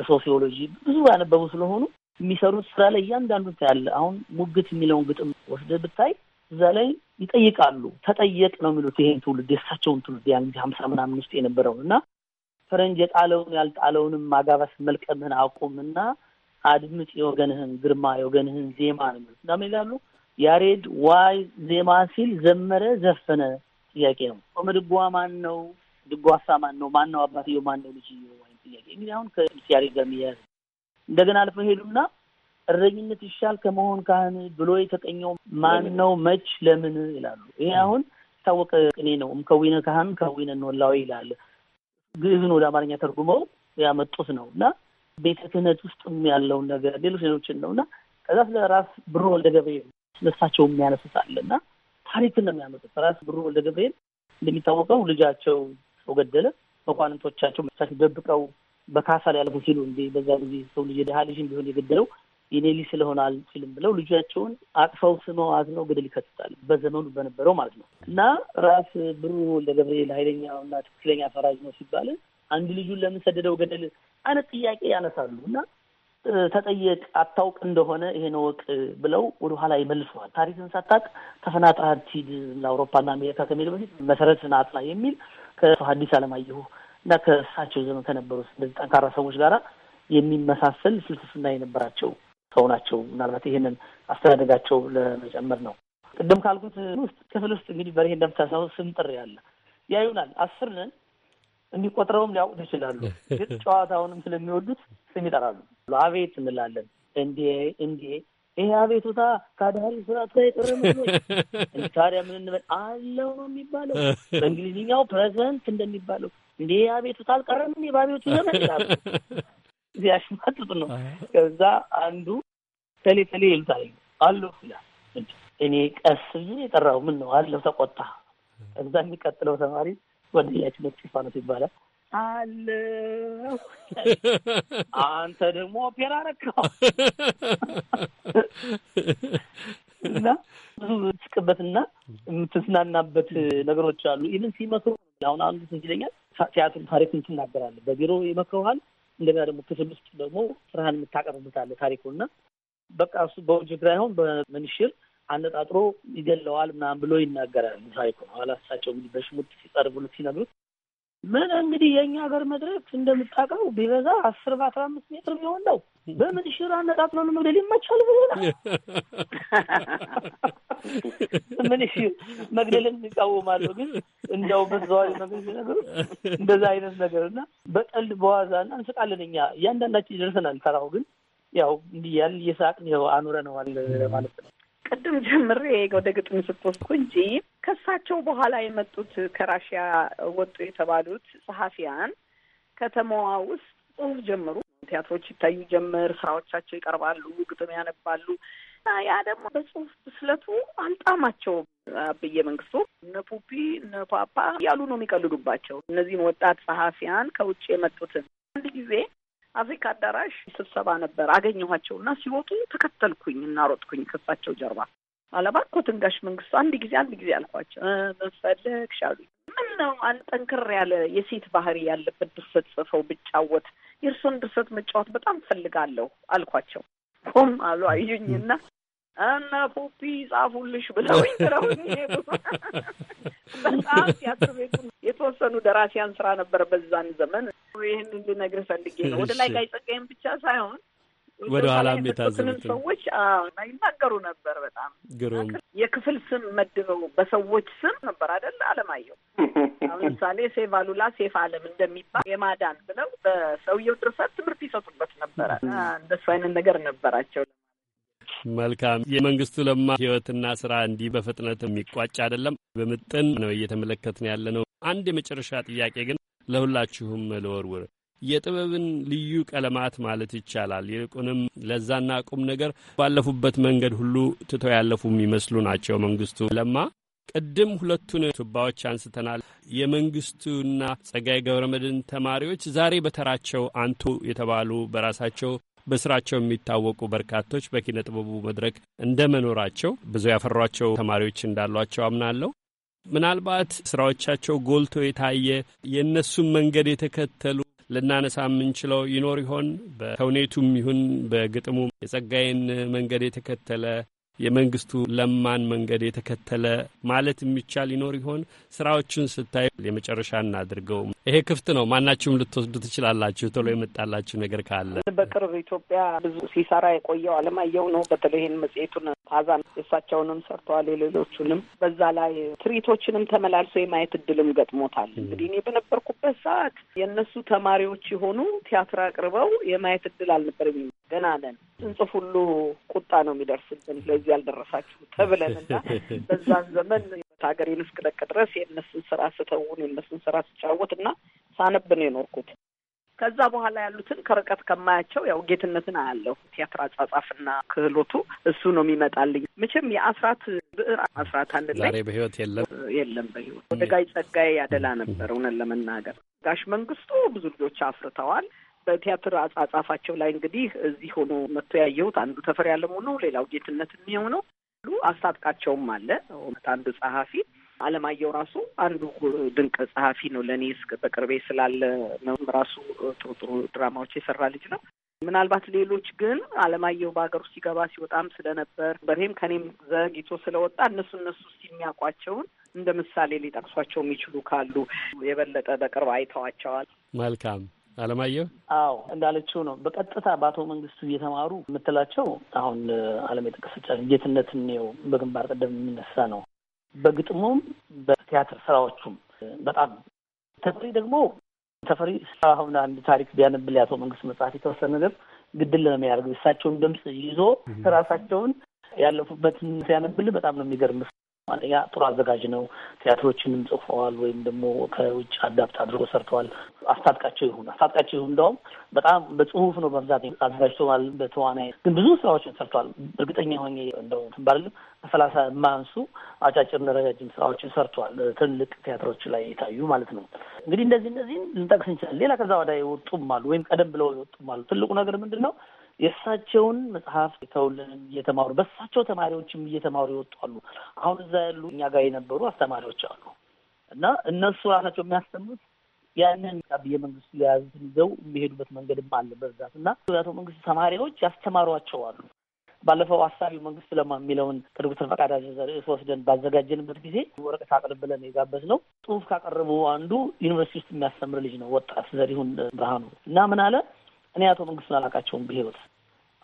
ሶሲዮሎጂ ብዙ ያነበቡ ስለሆኑ የሚሰሩት ስራ ላይ እያንዳንዱ ያለ አሁን ሙግት የሚለውን ግጥም ወስደ ብታይ እዛ ላይ ይጠይቃሉ። ተጠየቅ ነው የሚሉት ይሄን ትውልድ የእሳቸውን ትውልድ ያን ሀምሳ ምናምን ውስጥ የነበረውን እና ፈረንጅ የጣለውን ያልጣለውንም ማጋባስ መልቀምህን እና አድምጥ የወገንህን ግርማ የወገንህን ዜማ ነው የሚሉት እና ምን ይላሉ? ያሬድ ዋይ ዜማ ሲል ዘመረ ዘፈነ ጥያቄ ነው። ድጓ ማን ነው? ድጓሳ ማን ነው? ማን ነው አባትየው? ማን ነው ልጅየው? ጥያቄ እንግዲህ አሁን ከሲያሪ ጋር የሚያያዝ እንደገና አልፈው ሄዱና እረኝነት ይሻል ከመሆን ካህን ብሎ የተቀኘው ማን ነው? መች ለምን ይላሉ። ይሄ አሁን የታወቀ ቅኔ ነው። እምከዊነ ካህን ከዊነ ኖላዊ ይላል። ግዕዝን ወደ አማርኛ ተርጉመው ያመጡት ነው እና ቤተ ክህነት ውስጥም ያለውን ነገር ሌሎች ሌሎችን ነው እና ከዛ ስለ ራስ ብሩ ወልደ ገብርኤል ስለሳቸው የሚያነሱት አለ እና ታሪክን ነው የሚያመጡት። ራስ ብሩ ወልደ ገብርኤል እንደሚታወቀው ልጃቸው ሰው ገደለ። መኳንንቶቻቸው ሳቸው ደብቀው በካሳ ሊያልፉ ሲሉ እንዲ በዛ ጊዜ ሰው ልጅ የድሃ ልጅ ቢሆን የገደለው የኔ ልጅ ስለሆነ አልችልም ብለው ልጃቸውን አቅፈው ስመው አዝነው ገደል ይከትታል። በዘመኑ በነበረው ማለት ነው። እና ራስ ብሩ ወልደ ገብርኤል ኃይለኛው እና ትክክለኛ ፈራጅ ነው ሲባል አንድ ልጁን ለምን ሰደደው ገደል አይነት ጥያቄ ያነሳሉ እና ተጠየቅ አታውቅ እንደሆነ ይሄን ወቅ ብለው ወደኋላ ይመልሰዋል። ታሪክን ሳታቅ ተፈናጥረህ አትሂድ፣ ለአውሮፓና አሜሪካ ከሚሄድ በፊት መሰረትን አጥና የሚል ሀዲስ አለማየሁ እና ከእሳቸው ዘመን ከነበሩ እንደዚህ ጠንካራ ሰዎች ጋራ የሚመሳሰል ፍልስፍና የነበራቸው ሰው ናቸው። ምናልባት ይሄንን አስተዳደጋቸው ለመጨመር ነው። ቅድም ካልኩት ውስጥ ክፍል ውስጥ እንግዲህ በርሄ እንደምታሳው ስምጥር ያለ ያዩናል። አስር ነን የሚቆጥረውም ሊያውቁት ይችላሉ። ግን ጨዋታውንም ስለሚወዱት ስም ይጠራሉ። አቤት እንላለን እንዲህ እንዲህ ይሄ አቤቱታ ከአድሃሪ ስርዓት ጋር የቀረ ነው። ታዲያ ምን እንበል አለው ነው የሚባለው። በእንግሊዝኛው ፕሬዘንት እንደሚባለው እንዴ አቤቱታ አልቀረም እንዴ በአቤቱ ዘመን ይላሉ። ያሽማጥጥ ነው። ከዛ አንዱ ተሌ ተሌ ይሉታል አለሁ ይላል። እኔ ቀስ ብዬ የጠራው ምን ነው አለው ተቆጣ። ከዛ የሚቀጥለው ተማሪ ጓደኛችን ስጢፋኖስ ይባላል አለሁ አንተ ደግሞ ኦፔራ ረካው እና ብዙ ትስቅበትና የምትዝናናበት ነገሮች አሉ። ኢቭን ሲመክሩ አሁን አንዱ እንትን ይለኛል ቲያትሩ ታሪኩን ትናገራለህ። በቢሮ ይመክረዋል። እንደገና ደግሞ ክፍል ውስጥ ደግሞ ስራህን የምታቀርብበታለህ ታሪኩን እና በቃ እሱ በውጅግ አይሆን በምንሽር አነጣጥሮ ይገለዋል ምናምን ብሎ ይናገራል ታሪኩ። ኋላ እሳቸው እንግዲህ በሽሙጥ ሲጠርቡሉት ሲነግሩት ምን እንግዲህ የእኛ ሀገር መድረክ እንደምታውቀው ቢበዛ አስር በአስራ አምስት ሜትር የሚሆን ነው። በምን ሽር አነጣጥሎ ለመግደል ይመቻል ብሆና ምን ሽር መግደልን ይቃወማሉ። ግን እንደው በዘዋዊ መግደል ነገሩ እንደዛ አይነት ነገር እና በቀልድ በዋዛና እንስቃለን እኛ እያንዳንዳችን ይደርሰናል። ተራው ግን ያው እንዲህ ያን እየሳቅን ያው አኑረነዋል ማለት ነው። ቅድም ጀምሬ ወደ ግጥም ስትወስኩ እንጂ ከሳቸው በኋላ የመጡት ከራሽያ ወጡ የተባሉት ጸሐፊያን ከተማዋ ውስጥ ጽሁፍ ጀምሩ፣ ቲያትሮች ይታዩ ጀምር፣ ስራዎቻቸው ይቀርባሉ፣ ግጥም ያነባሉ። ያ ደግሞ በጽሁፍ ብስለቱ አልጣማቸውም። አብየ መንግስቱ እነ ፑፒ እነ ፓፓ ያሉ ነው የሚቀልዱባቸው እነዚህን ወጣት ጸሐፊያን ከውጭ የመጡትን አንድ ጊዜ አፍሪካ አዳራሽ ስብሰባ ነበር። አገኘኋቸው እና ሲወጡ ተከተልኩኝ እና ሮጥኩኝ ከሳቸው ጀርባ። አለባኮ ትንጋሽ መንግስቱ አንድ ጊዜ አንድ ጊዜ አልኳቸው። መፈለግሽ አሉኝ። ምን ነው አንድ ጠንክር ያለ የሴት ባህሪ ያለበት ድርሰት ጽፈው ብጫወት የእርስዎን ድርሰት መጫወት በጣም ፈልጋለሁ አልኳቸው። ቆም አሉ አዩኝና እነ ፖፒ ጻፉልሽ ብለው ይረው ሄዱ። በጣም ቲያትር የተወሰኑ ደራሲያን ስራ ነበር በዛን ዘመን። ይህን ልነግርህ ፈልጌ ነው። ወደ ላይ ጋይጸጋይም ብቻ ሳይሆን ወደ ኋላም የታዘቡትን ሰዎች ይናገሩ ነበር። በጣም ግሩም የክፍል ስም መድበው በሰዎች ስም ነበር አይደል? አለማየሁ ለምሳሌ ሴፍ አሉላ፣ ሴፍ አለም እንደሚባል የማዳን ብለው በሰውየው ድርሰት ትምህርት ይሰጡበት ነበረ። እንደሱ አይነት ነገር ነበራቸው። መልካም። የመንግስቱ ለማ ህይወትና ስራ እንዲህ በፍጥነት የሚቋጭ አይደለም፣ በምጥን ነው እየተመለከትን ያለ ነው። አንድ የመጨረሻ ጥያቄ ግን ለሁላችሁም ልወርውር። የጥበብን ልዩ ቀለማት ማለት ይቻላል። ይልቁንም ለዛና ቁም ነገር ባለፉበት መንገድ ሁሉ ትተው ያለፉ የሚመስሉ ናቸው መንግስቱ ለማ ቅድም ሁለቱን ቱባዎች አንስተናል። የመንግስቱና ጸጋዬ ገብረመድህን ተማሪዎች ዛሬ በተራቸው አንቱ የተባሉ በራሳቸው በስራቸው የሚታወቁ በርካቶች በኪነ ጥበቡ መድረክ እንደ መኖራቸው ብዙ ያፈሯቸው ተማሪዎች እንዳሏቸው አምናለሁ። ምናልባት ስራዎቻቸው ጎልቶ የታየ የእነሱን መንገድ የተከተሉ ልናነሳ የምንችለው ይኖር ይሆን? በተውኔቱም ይሁን በግጥሙ የጸጋዬን መንገድ የተከተለ የመንግስቱ ለማን መንገድ የተከተለ ማለት የሚቻል ይኖር ይሆን? ስራዎቹን ስታይ የመጨረሻ እናድርገው። ይሄ ክፍት ነው፣ ማናችሁም ልትወስዱ ትችላላችሁ። ቶሎ የመጣላችሁ ነገር ካለ በቅርብ ኢትዮጵያ ብዙ ሲሰራ የቆየው አለማየሁ ነው። በተለይ ይህን መጽሔቱን ታዛን የእሳቸውንም ሰርተዋል፣ የሌሎቹንም በዛ ላይ ትርኢቶችንም ተመላልሶ የማየት እድልም ገጥሞታል። እንግዲህ እኔ በነበርኩበት ሰዓት የእነሱ ተማሪዎች የሆኑ ቲያትር አቅርበው የማየት እድል አልነበረም። ገና ነን ስንጽፍ ሁሉ ቁጣ ነው የሚደርስብን። ስለዚህ እዚህ ተብለን እና በዛን ዘመን ሀገሬን እስክለቅ ድረስ የእነሱን ስራ ስተውን የእነሱን ስራ ስጫወት እና ሳነብ ነው የኖርኩት። ከዛ በኋላ ያሉትን ከርቀት ከማያቸው ያው ጌትነትን አያለሁ። ቲያትር አጻጻፍና ክህሎቱ እሱ ነው የሚመጣልኝ። መቼም የአስራት ብዕር አስራት አንድ ላይ በህይወት የለም የለም በህይወት ወደ ጋይ ጸጋዬ ያደላ ነበር። እውነት ለመናገር ጋሽ መንግስቱ ብዙ ልጆች አፍርተዋል። በቲያትር አጻጻፋቸው ላይ እንግዲህ እዚህ ሆኖ መጥቶ ያየሁት አንዱ ተፈሪ አለሙ ነው። ሌላው ጌትነት የሚሆነው ሁሉ አስታጥቃቸውም አለ አንዱ ጸሐፊ አለማየሁ ራሱ አንዱ ድንቅ ጸሐፊ ነው። ለእኔ በቅርቤ ስላለ ነው። ራሱ ጥሩ ጥሩ ድራማዎች የሰራ ልጅ ነው። ምናልባት ሌሎች ግን አለማየሁ በሀገር ውስጥ ሲገባ ሲወጣም ስለነበር በሬም ከኔም ዘግይቶ ስለወጣ እነሱ እነሱ የሚያውቋቸውን እንደ ምሳሌ ሊጠቅሷቸው የሚችሉ ካሉ የበለጠ በቅርብ አይተዋቸዋል። መልካም አለማየሁ? አዎ እንዳለችው ነው። በቀጥታ በአቶ መንግስቱ እየተማሩ የምትላቸው አሁን አለም የጠቀሰቻት ጌትነት እንየው በግንባር ቀደም የሚነሳ ነው። በግጥሙም በቲያትር ስራዎቹም በጣም ተፈሪ ደግሞ ተፈሪ አሁን አንድ ታሪክ ቢያነብል የአቶ መንግስት መጽሐፍ የተወሰነ ነገር ግድል ነው የሚያደርገው። እሳቸውን ድምፅ ይዞ ራሳቸውን ያለፉበትን ሲያነብል በጣም ነው የሚገርምስ አንደኛ ጥሩ አዘጋጅ ነው። ቲያትሮችንም ጽፈዋል ወይም ደግሞ ከውጭ አዳፕት አድርጎ ሰርተዋል። አስታጥቃቸው ይሁን አስታጥቃቸው ይሁን እንደውም በጣም በጽሁፍ ነው በብዛት አዘጋጅተዋል። በተዋናይ ግን ብዙ ስራዎችን ሰርተዋል። እርግጠኛ ሆኜ እንደው ትባልም ከሰላሳ የማያንሱ አጫጭር ረጃጅም ስራዎችን ሰርተዋል። ትልቅ ቲያትሮች ላይ የታዩ ማለት ነው። እንግዲህ እንደዚህ እነዚህን ልንጠቅስ እንችላለን። ሌላ ከዛ ወዲያ የወጡም አሉ ወይም ቀደም ብለው የወጡም አሉ። ትልቁ ነገር ምንድን ነው? የእሳቸውን መጽሐፍ የተውልን እየተማሩ በእሳቸው ተማሪዎችም እየተማሩ ይወጣሉ። አሁን እዛ ያሉ እኛ ጋር የነበሩ አስተማሪዎች አሉ እና እነሱ ራሳቸው የሚያስተምሩት ያንን ብዬ መንግስቱ የያዙትን ይዘው የሚሄዱበት መንገድም አለ በብዛት እና የአቶ መንግስቱ ተማሪዎች ያስተማሯቸው አሉ። ባለፈው ሀሳቢው መንግስት ለማ የሚለውን ከዶክተር ፈቃዳጅ ዘርዕስ ወስደን ባዘጋጀንበት ጊዜ ወረቀት አቅርብ ብለን የጋበዝ ነው ጽሁፍ ካቀረቡ አንዱ ዩኒቨርሲቲ ውስጥ የሚያስተምር ልጅ ነው ወጣት ዘሪሁን ብርሃኑ እና ምን አለ እኔ አቶ መንግስቱን አላውቃቸውም በህይወት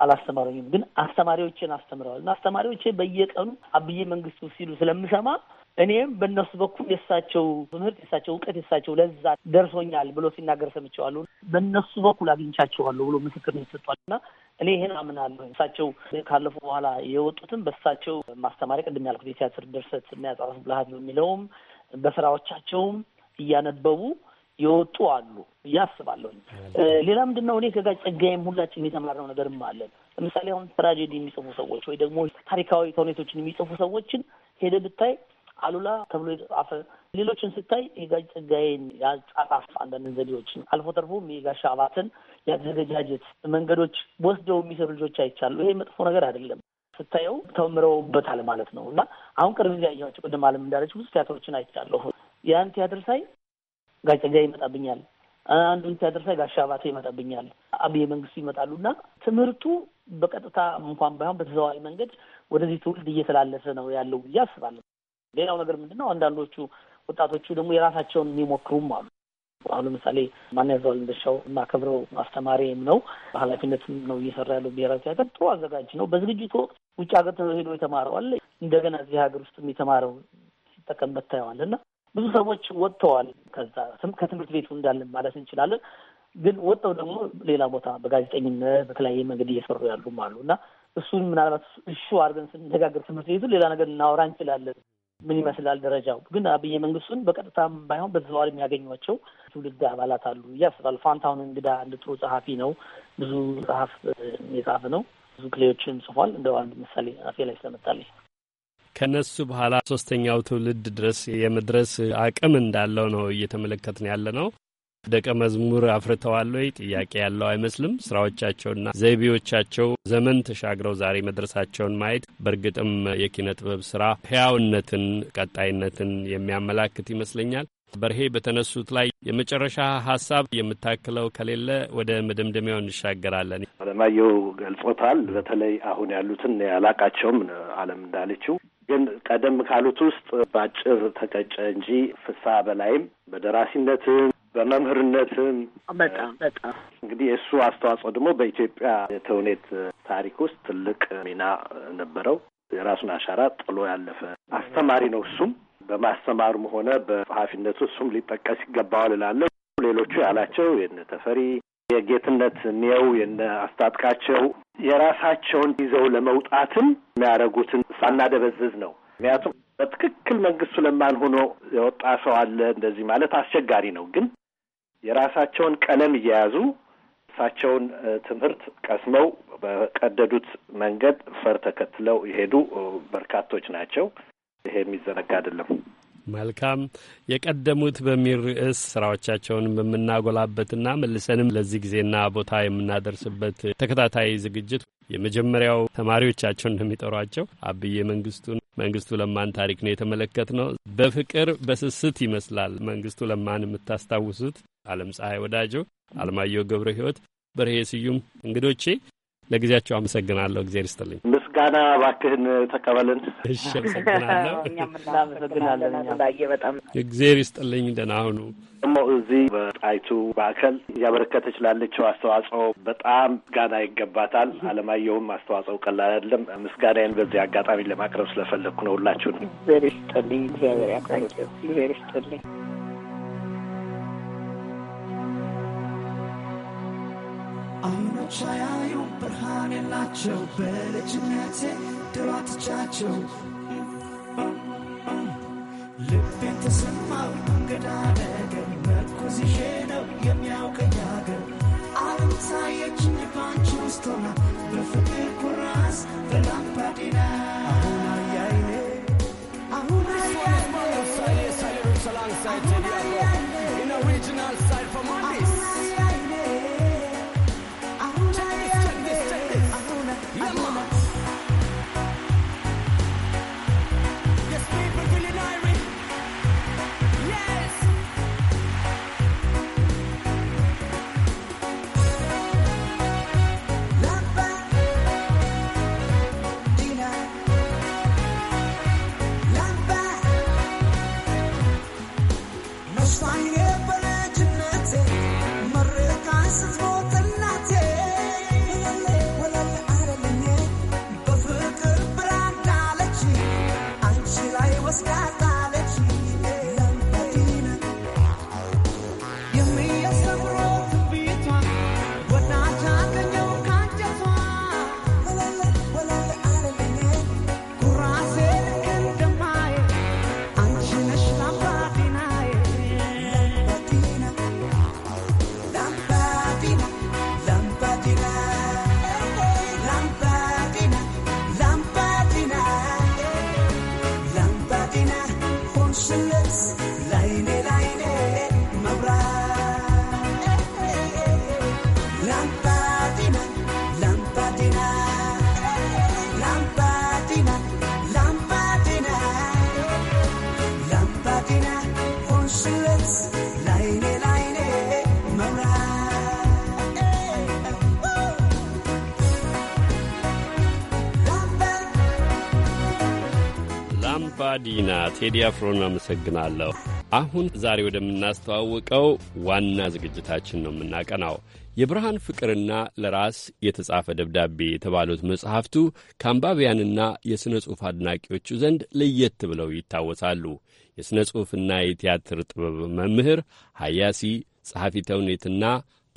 አላስተማረኝም፣ ግን አስተማሪዎቼን አስተምረዋል እና አስተማሪዎቼ በየቀኑ አብዬ መንግስቱ ሲሉ ስለምሰማ እኔም በእነሱ በኩል የእሳቸው ትምህርት የእሳቸው እውቀት የእሳቸው ለዛ ደርሶኛል ብሎ ሲናገር ሰምቸዋለሁ። በእነሱ በኩል አግኝቻቸዋለሁ ብሎ ምስክር ሰጥቷል እና እኔ ይህን አምናለሁ። እሳቸው ካለፉ በኋላ የወጡትም በእሳቸው ማስተማሪ ቅድም ያልኩት የቲያትር ድርሰት እና ብልሃት በሚለውም በስራዎቻቸውም እያነበቡ የወጡ አሉ ብዬ አስባለሁ። ሌላ ምንድን ነው እኔ ከጋ ጸጋዬም ሁላችን የተማርነው ነገርም አለን። ለምሳሌ አሁን ትራጀዲ የሚጽፉ ሰዎች ወይ ደግሞ ታሪካዊ ተውኔቶችን የሚጽፉ ሰዎችን ሄደ ብታይ አሉላ ተብሎ የተጻፈ ሌሎችን ስታይ የጋሽ ጸጋዬን ያጻጻፍ አንዳንድ ዘዴዎችን አልፎ ተርፎም የጋሽ አባተን ያዘገጃጀት መንገዶች ወስደው የሚሰሩ ልጆች አይቻሉ። ይሄ መጥፎ ነገር አይደለም። ስታየው ተምረውበታል ማለት ነው እና አሁን ቅርብ ጊዜ አየኋቸው ቅድም አለም እንዳለች ብዙ ቲያትሮችን አይቻለሁ። ያን ቲያትር ሳይ ጋሽ ይመጣብኛል፣ አንዱ ተደርሳይ ጋሻ ባቴ ይመጣብኛል፣ አብዬ መንግስቱ ይመጣሉ እና ትምህርቱ በቀጥታ እንኳን ባይሆን በተዘዋዋሪ መንገድ ወደዚህ ትውልድ እየተላለፈ ነው ያለው ብዬ አስባለሁ። ሌላው ነገር ምንድን ነው? አንዳንዶቹ ወጣቶቹ ደግሞ የራሳቸውን የሚሞክሩም አሉ። አሁን ለምሳሌ ማን ያዘዋል እንደሻው የማከብረው አስተማሪም ነው፣ ኃላፊነትም ነው እየሰራ ያለው ብሔራዊ ቲያትር ጥሩ አዘጋጅ ነው። በዝግጅቱ ወቅት ውጭ ሀገር ሄዶ የተማረዋል እንደገና እዚህ ሀገር ውስጥ የተማረው ሲጠቀም ታየዋል እና ብዙ ሰዎች ወጥተዋል። ከዛ ከትምህርት ቤቱ እንዳለን ማለት እንችላለን። ግን ወጥተው ደግሞ ሌላ ቦታ በጋዜጠኝነት በተለያየ መንገድ እየሰሩ ያሉም አሉ እና እሱን ምናልባት እሹ አድርገን ስንነጋገር ትምህርት ቤቱ ሌላ ነገር እናወራ እንችላለን። ምን ይመስላል ደረጃው ግን አብይ መንግስቱን በቀጥታ ባይሆን በተዘዋዋሪ የሚያገኟቸው ትውልድ አባላት አሉ እያስባል ፋንታውን እንግዳ አንድ ጥሩ ጸሐፊ ነው። ብዙ ጸሐፍ የጻፈ ነው። ብዙ ክሌዎችን ጽፏል። እንደ አንድ ምሳሌ አፌ ላይ ስለመጣልኝ ከነሱ በኋላ ሶስተኛው ትውልድ ድረስ የመድረስ አቅም እንዳለው ነው እየተመለከትን ያለ ነው። ደቀ መዝሙር አፍርተዋል ወይ ጥያቄ ያለው አይመስልም። ስራዎቻቸውና ዘይቤዎቻቸው ዘመን ተሻግረው ዛሬ መድረሳቸውን ማየት በእርግጥም የኪነ ጥበብ ስራ ሕያውነትን፣ ቀጣይነትን የሚያመላክት ይመስለኛል። በርሄ በተነሱት ላይ የመጨረሻ ሀሳብ የምታክለው ከሌለ ወደ መደምደሚያው እንሻገራለን። አለማየሁ ገልጾታል። በተለይ አሁን ያሉትን ያላቃቸውም አለም እንዳለችው ግን ቀደም ካሉት ውስጥ በአጭር ተቀጨ እንጂ ፍስሐ በላይም በደራሲነትም በመምህርነትም በጣም በጣም እንግዲህ የእሱ አስተዋጽኦ ደግሞ በኢትዮጵያ የተውኔት ታሪክ ውስጥ ትልቅ ሚና ነበረው። የራሱን አሻራ ጥሎ ያለፈ አስተማሪ ነው። እሱም በማስተማሩም ሆነ በጸሐፊነቱ እሱም ሊጠቀስ ይገባዋል እላለሁ። ሌሎቹ ያላቸው የነ ተፈሪ የጌትነት ኒየው የነ አስታጥቃቸው የራሳቸውን ይዘው ለመውጣትም የሚያደርጉትን ሳናደበዝዝ ነው። ምክንያቱም በትክክል መንግስቱ ለማን ሆኖ የወጣ ሰው አለ። እንደዚህ ማለት አስቸጋሪ ነው። ግን የራሳቸውን ቀለም እየያዙ እሳቸውን ትምህርት ቀስመው በቀደዱት መንገድ ፈር ተከትለው የሄዱ በርካቶች ናቸው። ይሄ የሚዘነጋ አይደለም። መልካም የቀደሙት በሚል ርዕስ ስራዎቻቸውን በምናጎላበትና መልሰንም ለዚህ ጊዜና ቦታ የምናደርስበት ተከታታይ ዝግጅት የመጀመሪያው ተማሪዎቻቸውን እንደሚጠሯቸው አብዬ መንግስቱን መንግስቱ ለማን ታሪክ ነው የተመለከት ነው። በፍቅር በስስት ይመስላል መንግስቱ ለማን የምታስታውሱት አለም ፀሐይ ወዳጆ፣ አለማየሁ ገብረ ህይወት፣ በርሄ ስዩም እንግዶቼ ለጊዜያቸው አመሰግናለሁ። እግዜር ይስጥልኝ። ምስጋና እባክህን ተቀበልን። እሺ፣ አመሰግናለሁ። እናመሰግናለን። በጣም እግዜር ይስጥልኝ። ደህና ሁኑ። ደግሞ እዚህ በጣይቱ ማዕከል እያበረከተች ላለችው አስተዋጽኦ በጣም ጋና ይገባታል። አለማየሁም አስተዋጽኦ ቀላል አይደለም። ምስጋናዬን በዚህ አጋጣሚ ለማቅረብ ስለፈለግኩ ነው። ሁላችሁን እግዜር ይስጥልኝ። እግዚአብሔር ያክብርልኝ። እግዜር ይስጥልኝ። ጨረቃዎች ያዩ ብርሃን የላቸው በልጅነቴ ድሯትቻቸው ልቤን ተሰማው እንግዳ ነገር መርኩዝ ነው የሚያውቀኝ ሀገር ዓለም ታየችኝ ባንቺ ውስጥ ሆና በፍቅር ኩራዝ በላምባዲና አሁን side from Mondays. ባዲና ቴዲ አፍሮን አመሰግናለሁ። አሁን ዛሬ ወደምናስተዋውቀው ዋና ዝግጅታችን ነው የምናቀናው። የብርሃን ፍቅርና ለራስ የተጻፈ ደብዳቤ የተባሉት መጽሐፍቱ ከአንባቢያንና የሥነ ጽሑፍ አድናቂዎቹ ዘንድ ለየት ብለው ይታወሳሉ። የሥነ ጽሑፍና የቲያትር ጥበብ መምህር፣ ሐያሲ፣ ጸሐፊ ተውኔትና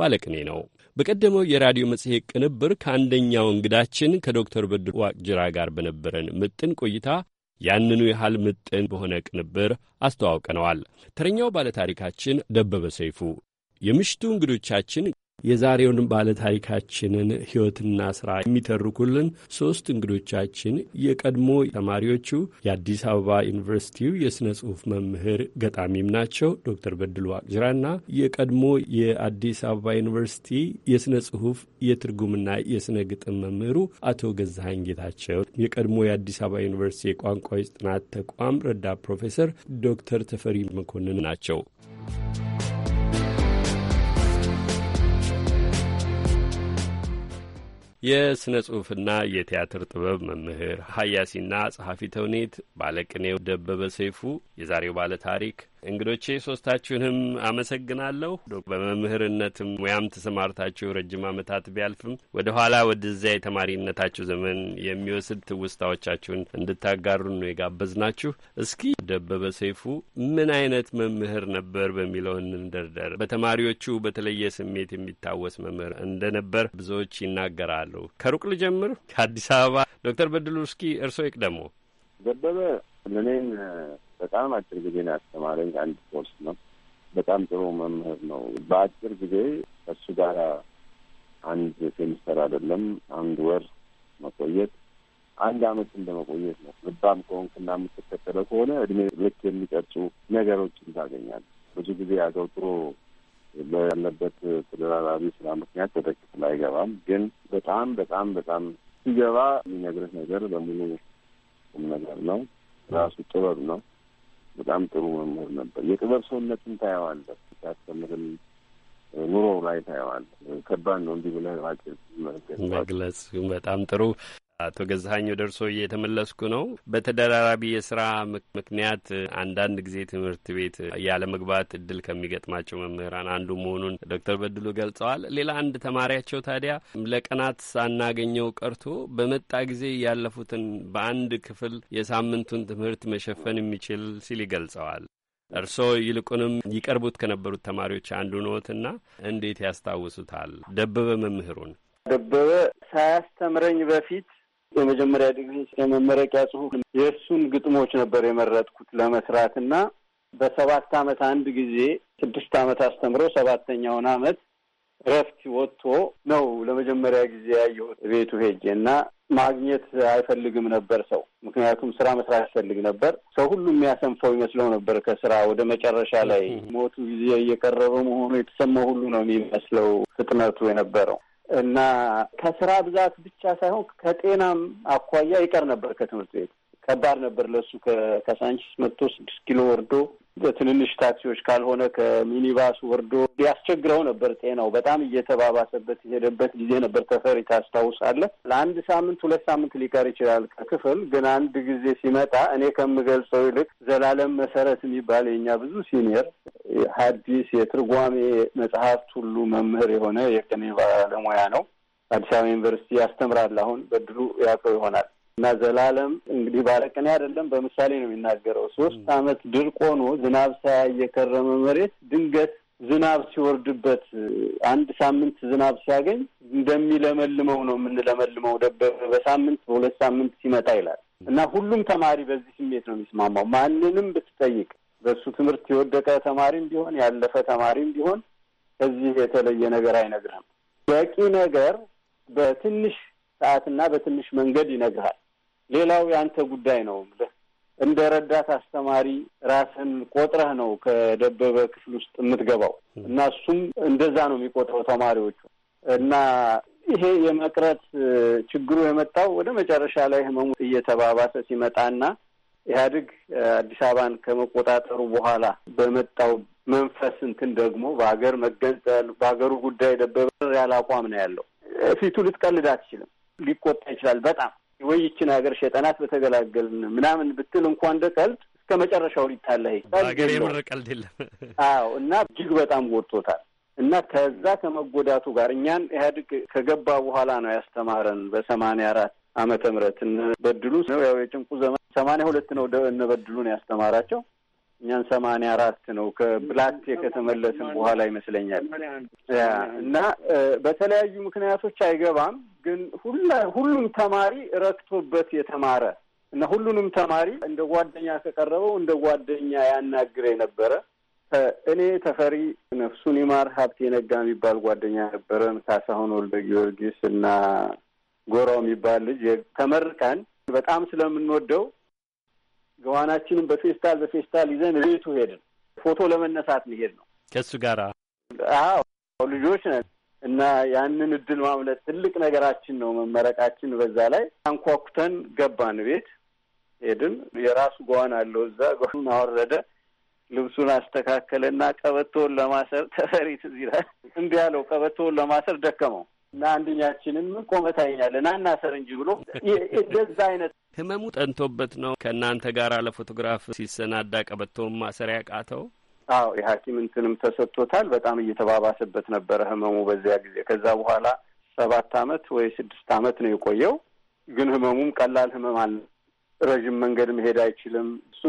ባለቅኔ ነው። በቀደመው የራዲዮ መጽሔት ቅንብር ከአንደኛው እንግዳችን ከዶክተር በድሩ ዋቅጅራ ጋር በነበረን ምጥን ቆይታ ያንኑ ያህል ምጥን በሆነ ቅንብር አስተዋውቀነዋል። ተረኛው ባለታሪካችን ደበበ ሰይፉ የምሽቱ እንግዶቻችን የዛሬውን ባለታሪካችንን ሕይወትና ሥራ የሚተርኩልን ሦስት እንግዶቻችን የቀድሞ ተማሪዎቹ የአዲስ አበባ ዩኒቨርሲቲው የሥነ ጽሑፍ መምህር ገጣሚም ናቸው ዶክተር በድሉ አቅጅራና የቀድሞ የአዲስ አበባ ዩኒቨርሲቲ የሥነ ጽሑፍ የትርጉምና የሥነ ግጥም መምህሩ አቶ ገዛሀኝ ጌታቸው፣ የቀድሞ የአዲስ አበባ ዩኒቨርሲቲ የቋንቋዎች ጥናት ተቋም ረዳት ፕሮፌሰር ዶክተር ተፈሪ መኮንን ናቸው። የሥነ ጽሑፍና የቲያትር ጥበብ መምህር ሀያሲና ጸሐፊ ተውኔት ባለቅኔው ደበበ ሰይፉ የዛሬው ባለ ታሪክ እንግዶቼ ሶስታችሁንም አመሰግናለሁ። በመምህርነትም ሙያም ተሰማርታችሁ ረጅም ዓመታት ቢያልፍም ወደ ኋላ ወደዚያ የተማሪነታችሁ ዘመን የሚወስድ ትውስታዎቻችሁን እንድታጋሩን ነው የጋበዝናችሁ። እስኪ ደበበ ሰይፉ ምን አይነት መምህር ነበር በሚለው እንደርደር። በተማሪዎቹ በተለየ ስሜት የሚታወስ መምህር እንደነበር ብዙዎች ይናገራሉ። ከሩቅ ልጀምር። ከአዲስ አበባ ዶክተር በድሉ እስኪ እርስዎ ይቅደሙ። ደበበ ለእኔን በጣም አጭር ጊዜ ነው ያስተማረኝ። አንድ ኮርስ ነው። በጣም ጥሩ መምህር ነው። በአጭር ጊዜ ከሱ ጋር አንድ ሴሚስተር አይደለም አንድ ወር መቆየት አንድ አመት እንደመቆየት ነው። ልባም ከሆንክና የምትከተለው ከሆነ እድሜ ልክ የሚቀርጹ ነገሮችን ታገኛለህ። ብዙ ጊዜ አዘውትሮ ያለበት ተደራራቢ ስራ ምክንያት ወደ ክፍል አይገባም። ግን በጣም በጣም በጣም ሲገባ የሚነግርህ ነገር በሙሉ ቁም ነገር ነው። ራሱ ጥበብ ነው። በጣም ጥሩ መምህር ነበር። የጥበብ ሰውነትን ታየዋለህ፣ ሲያስተምርም ኑሮው ላይ ታየዋለህ። ከባድ ነው እንዲህ ብለህ መግለጽ። በጣም ጥሩ አቶ ገዛሀኝ ወደ እየተመለስኩ ነው። በተደራራቢ የስራ ምክንያት አንዳንድ ጊዜ ትምህርት ቤት ያለመግባት እድል ከሚገጥማቸው መምህራን አንዱ መሆኑን ዶክተር በድሉ ገልጸዋል። ሌላ አንድ ተማሪያቸው ታዲያ ለቀናት ሳናገኘው ቀርቶ በመጣ ጊዜ ያለፉትን በአንድ ክፍል የሳምንቱን ትምህርት መሸፈን የሚችል ሲል ይገልጸዋል። እርስዎ ይልቁንም ይቀርቡት ከነበሩት ተማሪዎች አንዱ ኖትና እንዴት ያስታውሱታል? ደበበ መምህሩን ደበበ ሳያስተምረኝ በፊት የመጀመሪያ ዲግሪ የመመረቂያ ጽሁፍ የእሱን ግጥሞች ነበር የመረጥኩት ለመስራት እና በሰባት አመት አንድ ጊዜ ስድስት አመት አስተምሮ ሰባተኛውን አመት እረፍት ወጥቶ ነው ለመጀመሪያ ጊዜ ያየሁት ቤቱ ሄጄ እና ማግኘት አይፈልግም ነበር ሰው። ምክንያቱም ስራ መስራት ይፈልግ ነበር ሰው። ሁሉ የሚያሰንፈው ይመስለው ነበር ከስራ ወደ መጨረሻ ላይ ሞቱ ጊዜ እየቀረበ መሆኑ የተሰማው ሁሉ ነው የሚመስለው ፍጥነቱ የነበረው እና ከስራ ብዛት ብቻ ሳይሆን ከጤናም አኳያ ይቀር ነበር ከትምህርት ቤት። ከባድ ነበር ለሱ ከሳንቺስ መጥቶ ስድስት ኪሎ ወርዶ በትንንሽ ታክሲዎች ካልሆነ ከሚኒባስ ወርዶ ሊያስቸግረው ነበር። ጤናው በጣም እየተባባሰበት የሄደበት ጊዜ ነበር። ተፈሪ ታስታውሳለህ? ለአንድ ሳምንት ሁለት ሳምንት ሊቀር ይችላል ከክፍል ግን አንድ ጊዜ ሲመጣ እኔ ከምገልጸው ይልቅ ዘላለም መሰረት የሚባል የኛ ብዙ ሲኒየር ሐዲስ የትርጓሜ መጽሐፍት ሁሉ መምህር የሆነ የቅኔ ባለሙያ ነው። አዲስ አበባ ዩኒቨርሲቲ ያስተምራል። አሁን በድሉ ያውቀው ይሆናል እና ዘላለም እንግዲህ ባለቅኔ አይደለም በምሳሌ ነው የሚናገረው። ሶስት አመት ድርቅ ሆኖ ዝናብ ሳያይ የከረመ መሬት ድንገት ዝናብ ሲወርድበት አንድ ሳምንት ዝናብ ሲያገኝ እንደሚለመልመው ነው የምንለመልመው ደበበ በሳምንት በሁለት ሳምንት ሲመጣ ይላል እና ሁሉም ተማሪ በዚህ ስሜት ነው የሚስማማው። ማንንም ብትጠይቅ በእሱ ትምህርት የወደቀ ተማሪም ቢሆን ያለፈ ተማሪም ቢሆን ከዚህ የተለየ ነገር አይነግርህም። በቂ ነገር በትንሽ ሰዓትና በትንሽ መንገድ ይነግርሃል። ሌላው የአንተ ጉዳይ ነው። እንደ ረዳት አስተማሪ ራስን ቆጥረህ ነው ከደበበ ክፍል ውስጥ የምትገባው እና እሱም እንደዛ ነው የሚቆጥረው ተማሪዎቹ እና ይሄ የመቅረት ችግሩ የመጣው ወደ መጨረሻ ላይ ህመሙ እየተባባሰ ሲመጣና ኢህአዴግ አዲስ አበባን ከመቆጣጠሩ በኋላ በመጣው መንፈስ እንትን ደግሞ በሀገር መገንጠል በሀገሩ ጉዳይ ደበበ ያለ አቋም ነው ያለው። ፊቱ ልትቀልድ አትችልም። ሊቆጣ ይችላል በጣም ወይ ይችን ሀገር ሸጠናት በተገላገልን ምናምን ብትል እንኳ እንደ ቀልድ እስከ መጨረሻው ሊታለህ ሀገር የምር ቀልድ የለም። አዎ እና እጅግ በጣም ጎድቶታል። እና ከዛ ከመጎዳቱ ጋር እኛን ኢህአዴግ ከገባ በኋላ ነው ያስተማረን በሰማንያ አራት አመተ ምህረት እነ በድሉ ነው ያው የጭንቁ ዘመን ሰማንያ ሁለት ነው እነ በድሉ ነው ያስተማራቸው እኛን ሰማንያ አራት ነው ከብላቴ ከተመለስን በኋላ ይመስለኛል። እና በተለያዩ ምክንያቶች አይገባም፣ ግን ሁላ ሁሉም ተማሪ ረክቶበት የተማረ እና ሁሉንም ተማሪ እንደ ጓደኛ ከቀረበው እንደ ጓደኛ ያናግር የነበረ እኔ ተፈሪ ነፍሱን ይማር ሀብቴ ነጋ የሚባል ጓደኛ ነበረን። ካሳሁን ወልደ ጊዮርጊስ እና ጎራው የሚባል ልጅ ተመርቀን በጣም ስለምንወደው ገዋናችንም በፌስታል በፌስታል ይዘን ቤቱ ሄድን። ፎቶ ለመነሳት መሄድ ነው ከእሱ ጋር። አዎ ልጆች ነን እና ያንን እድል ማምለት ትልቅ ነገራችን ነው መመረቃችን። በዛ ላይ አንኳኩተን ገባን ቤት ሄድን። የራሱ ገዋን አለው እዛ ገዋን አወረደ፣ ልብሱን አስተካከለ አስተካከለና ቀበቶውን ለማሰር ተፈሪት እዚህ ላይ እንዲህ ያለው ቀበቶውን ለማሰር ደከመው። እና አንዱኛችንም ና እናሰር እንጂ ብሎ እንደዛ አይነት ህመሙ ጠንቶበት ነው ከእናንተ ጋር ለፎቶግራፍ ሲሰናዳ ቀበቶም ማሰሪያ ቃተው። አዎ የሐኪም እንትንም ተሰጥቶታል። በጣም እየተባባሰበት ነበረ ህመሙ በዚያ ጊዜ። ከዛ በኋላ ሰባት አመት ወይ ስድስት አመት ነው የቆየው። ግን ህመሙም ቀላል ህመም አለ። ረዥም መንገድ መሄድ አይችልም። እሱ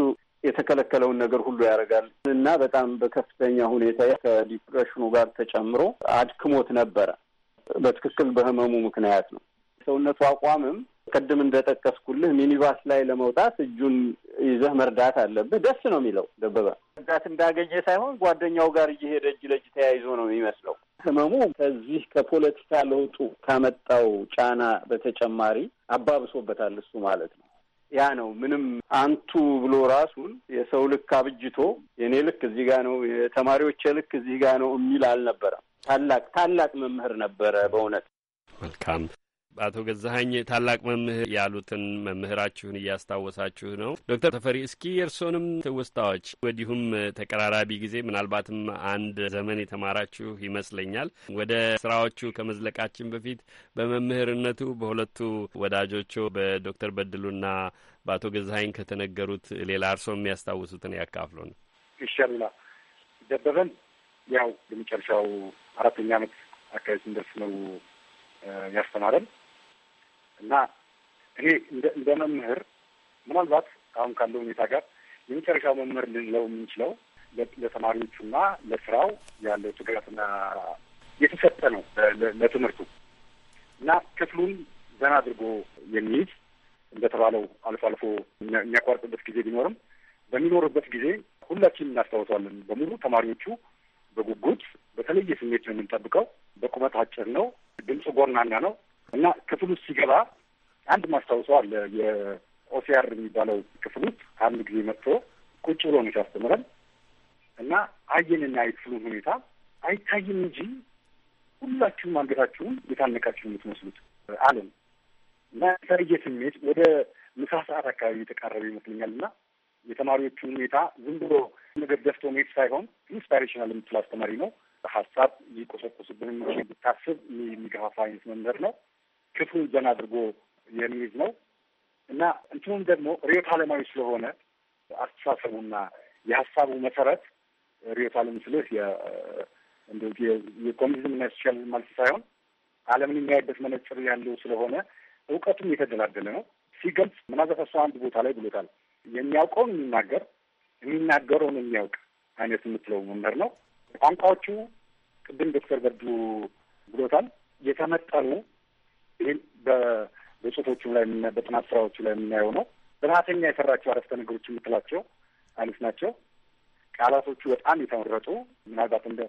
የተከለከለውን ነገር ሁሉ ያደርጋል እና በጣም በከፍተኛ ሁኔታ ከዲፕሬሽኑ ጋር ተጨምሮ አድክሞት ነበረ። በትክክል በህመሙ ምክንያት ነው። ሰውነቱ አቋምም ቅድም እንደጠቀስኩልህ ሚኒባስ ላይ ለመውጣት እጁን ይዘህ መርዳት አለብህ። ደስ ነው የሚለው ደበበ መርዳት እንዳገኘ ሳይሆን ጓደኛው ጋር እየሄደ እጅ ለእጅ ተያይዞ ነው የሚመስለው። ህመሙ ከዚህ ከፖለቲካ ለውጡ ካመጣው ጫና በተጨማሪ አባብሶበታል እሱ ማለት ነው። ያ ነው ምንም አንቱ ብሎ ራሱን የሰው ልክ አብጅቶ የእኔ ልክ እዚህ ጋ ነው፣ የተማሪዎች ልክ እዚህ ጋ ነው የሚል አልነበረም። ታላቅ ታላቅ መምህር ነበረ በእውነት። መልካም አቶ ገዛሀኝ ታላቅ መምህር ያሉትን መምህራችሁን እያስታወሳችሁ ነው። ዶክተር ተፈሪ እስኪ የእርስዎንም ትውስታዎች ወዲሁም ተቀራራቢ ጊዜ ምናልባትም አንድ ዘመን የተማራችሁ ይመስለኛል። ወደ ስራዎቹ ከመዝለቃችን በፊት በመምህርነቱ በሁለቱ ወዳጆቹ በዶክተር በድሉና በአቶ ገዛሀኝ ከተነገሩት ሌላ እርስዎ የሚያስታውሱትን ያካፍሉን። እሺ ደበበን ያው የመጨረሻው አራተኛ ዓመት አካባቢ ስንደርስ ነው ያስተማረን እና እኔ እንደ መምህር ምናልባት አሁን ካለው ሁኔታ ጋር የመጨረሻው መምህር ልንለው የምንችለው ለተማሪዎቹና ለስራው ያለው ትጋትና የተሰጠ ነው ለትምህርቱ እና ክፍሉን ዘና አድርጎ የሚይዝ እንደተባለው አልፎ አልፎ የሚያቋርጥበት ጊዜ ቢኖርም በሚኖርበት ጊዜ ሁላችን እናስታውሰዋለን በሙሉ ተማሪዎቹ በጉጉት በተለየ ስሜት ነው የምንጠብቀው። በቁመት አጭር ነው፣ ድምፅ ጎርናና ነው እና ክፍል ውስጥ ሲገባ አንድ ማስታውሰው አለ። የኦሲያር የሚባለው ክፍል ውስጥ አንድ ጊዜ መጥቶ ቁጭ ብሎ ነው ሲያስተምረን እና አየንና የክፍሉን ሁኔታ አይታይም እንጂ ሁላችሁም አንገታችሁን የታነቃችሁ የምትመስሉት አለን እና የተለየ ስሜት ወደ ምሳ ሰዓት አካባቢ የተቃረበ ይመስለኛል እና የተማሪዎቹን ሁኔታ ዝም ብሎ ነገር ደፍቶ መሄድ ሳይሆን ኢንስፓይሬሽናል የምትል አስተማሪ ነው። ሀሳብ ሊቆሰቁስብን የሚችል ብታስብ የሚገፋፋ አይነት መምህር ነው። ክፍሉን ዘና አድርጎ የሚይዝ ነው እና እንትኑም ደግሞ ርዕዮተ ዓለማዊ ስለሆነ አስተሳሰቡና የሀሳቡ መሰረት ርዕዮተ ዓለም ስልህ እንደ የኮሚኒዝም እና የሶሻሊዝም ማለት ሳይሆን ዓለምን የሚያይበት መነጽር ያለው ስለሆነ እውቀቱም የተደላደለ ነው። ሲገልጽ ምናዘፈሱ አንድ ቦታ ላይ ብሎታል የሚያውቀውን የሚናገር የሚናገረውን የሚያውቅ አይነት የምትለው መምህር ነው። ቋንቋዎቹ ቅድም ዶክተር በርዱ ብሎታል፣ የተመጠኑ ይህን በጽሁፎቹ ላይ በጥናት ስራዎቹ ላይ የምናየው ነው። ብልሃተኛ የሰራቸው አረፍተ ነገሮች የምትላቸው አይነት ናቸው። ቃላቶቹ በጣም የተመረጡ ምናልባት እንደ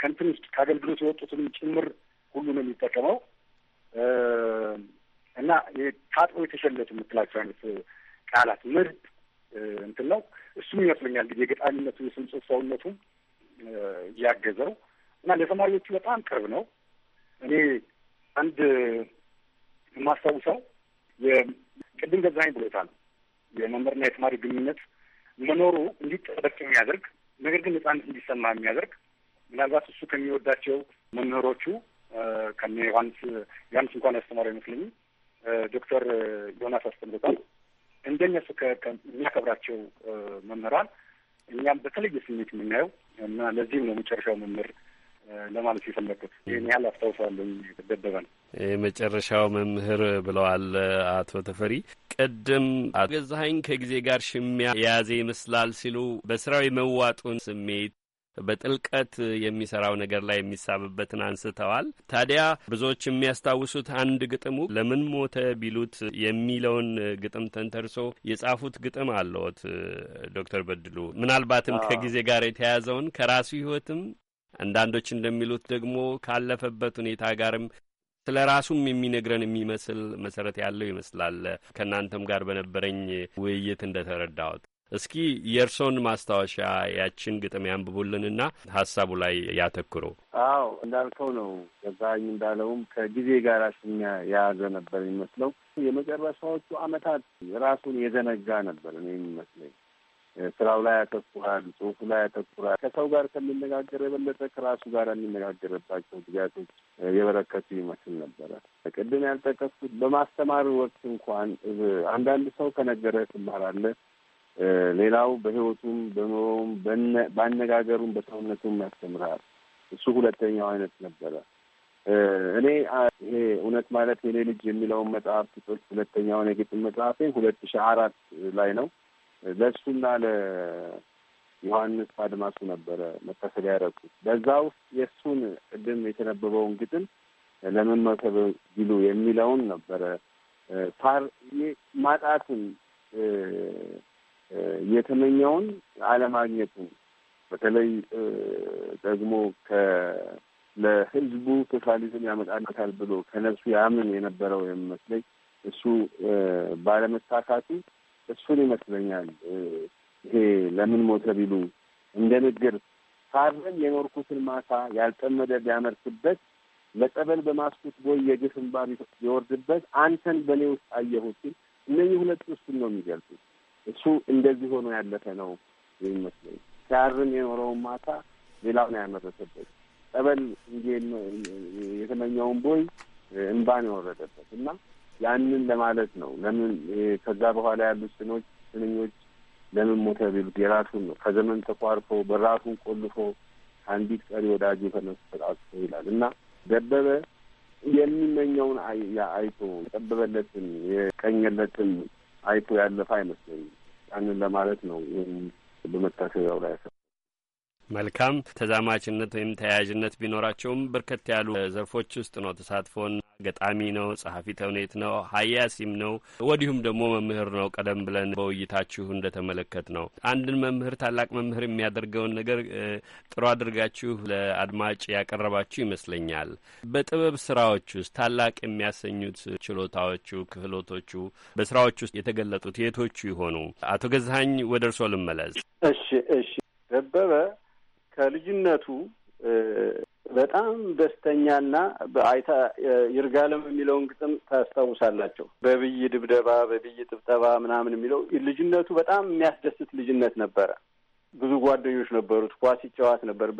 ከእንትን ውስጥ ከአገልግሎት የወጡትን ጭምር ሁሉ ነው የሚጠቀመው እና ታጥቦ የተሸለቱ የምትላቸው አይነት ቃላት ምርጥ እንትን ነው። እሱም ይመስለኛል እንግዲህ የገጣሚነቱ የስም ጽሁፍ ሰውነቱም እያገዘው እና ለተማሪዎቹ በጣም ቅርብ ነው። እኔ አንድ የማስታውሰው የቅድም ገዛኸኝ ብሎታል የመምህርና የተማሪ ግንኙነት መኖሩ እንዲጠበቅ የሚያደርግ ነገር ግን ነጻነት እንዲሰማ የሚያደርግ ምናልባት እሱ ከሚወዳቸው መምህሮቹ ከነ ዮሐንስ ዮሐንስ እንኳን ያስተማረው አይመስለኝም ዶክተር ዮናስ አስተምሮታል እንደነሱ ከሚያከብራቸው መምህራን እኛም በተለየ ስሜት የምናየው እና ለዚህም ነው መጨረሻው መምህር ለማለት የፈለግኩት። ይህን ያህል አስታውሰዋለሁ። ደበበን የመጨረሻው መምህር ብለዋል አቶ ተፈሪ። ቅድም አቶ ገዛሀኝ ከጊዜ ጋር ሽሚያ የያዘ ይመስላል ሲሉ በስራው የመዋጡን ስሜት በጥልቀት የሚሰራው ነገር ላይ የሚሳብበትን አንስተዋል። ታዲያ ብዙዎች የሚያስታውሱት አንድ ግጥሙ ለምን ሞተ ቢሉት የሚለውን ግጥም ተንተርሶ የጻፉት ግጥም አለዎት ዶክተር በድሉ ምናልባትም ከጊዜ ጋር የተያያዘውን ከራሱ ህይወትም አንዳንዶች እንደሚሉት ደግሞ ካለፈበት ሁኔታ ጋርም ስለ ራሱም የሚነግረን የሚመስል መሰረት ያለው ይመስላል። ከእናንተም ጋር በነበረኝ ውይይት እንደተረዳሁት እስኪ የእርሶን ማስታወሻ ያችን ግጥም ያንብቡልንና ሀሳቡ ላይ ያተኩሩ። አዎ እንዳልከው ነው። ገዛኝ እንዳለውም ከጊዜ ጋር ስኛ የያዘ ነበር የሚመስለው። የመጨረሻዎቹ አመታት ራሱን የዘነጋ ነበር ነው የሚመስለኝ። ስራው ላይ ያተኩራል፣ ጽሁፉ ላይ ያተኩራል። ከሰው ጋር ከሚነጋገር የበለጠ ከራሱ ጋር የሚነጋገርባቸው ጊዜያቶች የበረከቱ ይመስል ነበረ። ቅድም ያልጠቀስኩት በማስተማር ወቅት እንኳን አንዳንድ ሰው ከነገረ ትማራለህ ሌላው በህይወቱም በኑሮውም በአነጋገሩም በሰውነቱም ያስተምራል እሱ ሁለተኛው አይነት ነበረ። እኔ ይሄ እውነት ማለት የኔ ልጅ የሚለውን መጽሐፍ ጥጦች ሁለተኛውን የግጥም መጽሐፌ ሁለት ሺ አራት ላይ ነው። ለእሱና ለዮሐንስ አድማሱ ነበረ መታሰል ያደረኩት። በዛ ውስጥ የእሱን ቅድም የተነበበውን ግጥም ለምን መሰብ ቢሉ የሚለውን ነበረ ፓር ማጣትን የተመኘውን አለማግኘቱ በተለይ ደግሞ ለህዝቡ ሶሻሊዝም ያመጣለታል ብሎ ከነሱ ያምን የነበረው የሚመስለኝ እሱ ባለመሳካቱ እሱን ይመስለኛል። ይሄ ለምን ሞተ ቢሉ እንደ ንግር ሳርን የኖርኩትን ማሳ ያልጠመደ ቢያመርትበት ለጠበል በማስኩት ቦይ የግፍ እንባ ቢወርድበት አንተን በእኔ ውስጥ አየሁት። እነዚህ ሁለት እሱን ነው የሚገልጹት። እሱ እንደዚህ ሆኖ ያለፈ ነው ይመስለኝ። ሲያርም የኖረውን ማታ ሌላው ነው ያመረተበት። ጠበል እንዲ የተመኘውን ቦይ እንባን የወረደበት እና ያንን ለማለት ነው። ለምን ከዛ በኋላ ያሉ ስኖች ስንኞች ለምን ሞተ ቢሉት የራሱን ነው። ከዘመን ተቋርፎ በራሱን ቆልፎ አንዲት ቀሪ ወዳጅ የተመስጠጣቶ ይላል እና ደበበ የሚመኘውን አይቶ የጠበበለትን የቀኘለትን አይቶ ያለፈ አይመስለኝም። ያንን ለማለት ነው። ይህም በመታሰቢያው ላይ ያሰ መልካም ተዛማችነት ወይም ተያያዥነት ቢኖራቸውም በርከት ያሉ ዘርፎች ውስጥ ነው ተሳትፎን ገጣሚ ነው፣ ጸሐፊ ተውኔት ነው፣ ሀያሲም ነው፣ ወዲሁም ደግሞ መምህር ነው። ቀደም ብለን በውይይታችሁ እንደተመለከት ነው አንድን መምህር ታላቅ መምህር የሚያደርገውን ነገር ጥሩ አድርጋችሁ ለአድማጭ ያቀረባችሁ ይመስለኛል። በጥበብ ስራዎች ውስጥ ታላቅ የሚያሰኙት ችሎታዎቹ፣ ክህሎቶቹ በስራዎች ውስጥ የተገለጡት የቶቹ ይሆኑ? አቶ ገዛሀኝ ወደ እርሶ ልመለስ። እሺ፣ እሺ። ደበበ ከልጅነቱ በጣም ደስተኛና አይታ ይርጋለም የሚለውን ግጥም ታስታውሳላቸው። በብይ ድብደባ፣ በብይ ጥብጠባ ምናምን የሚለው ልጅነቱ በጣም የሚያስደስት ልጅነት ነበረ። ብዙ ጓደኞች ነበሩት። ኳስ ይጫወት ነበር።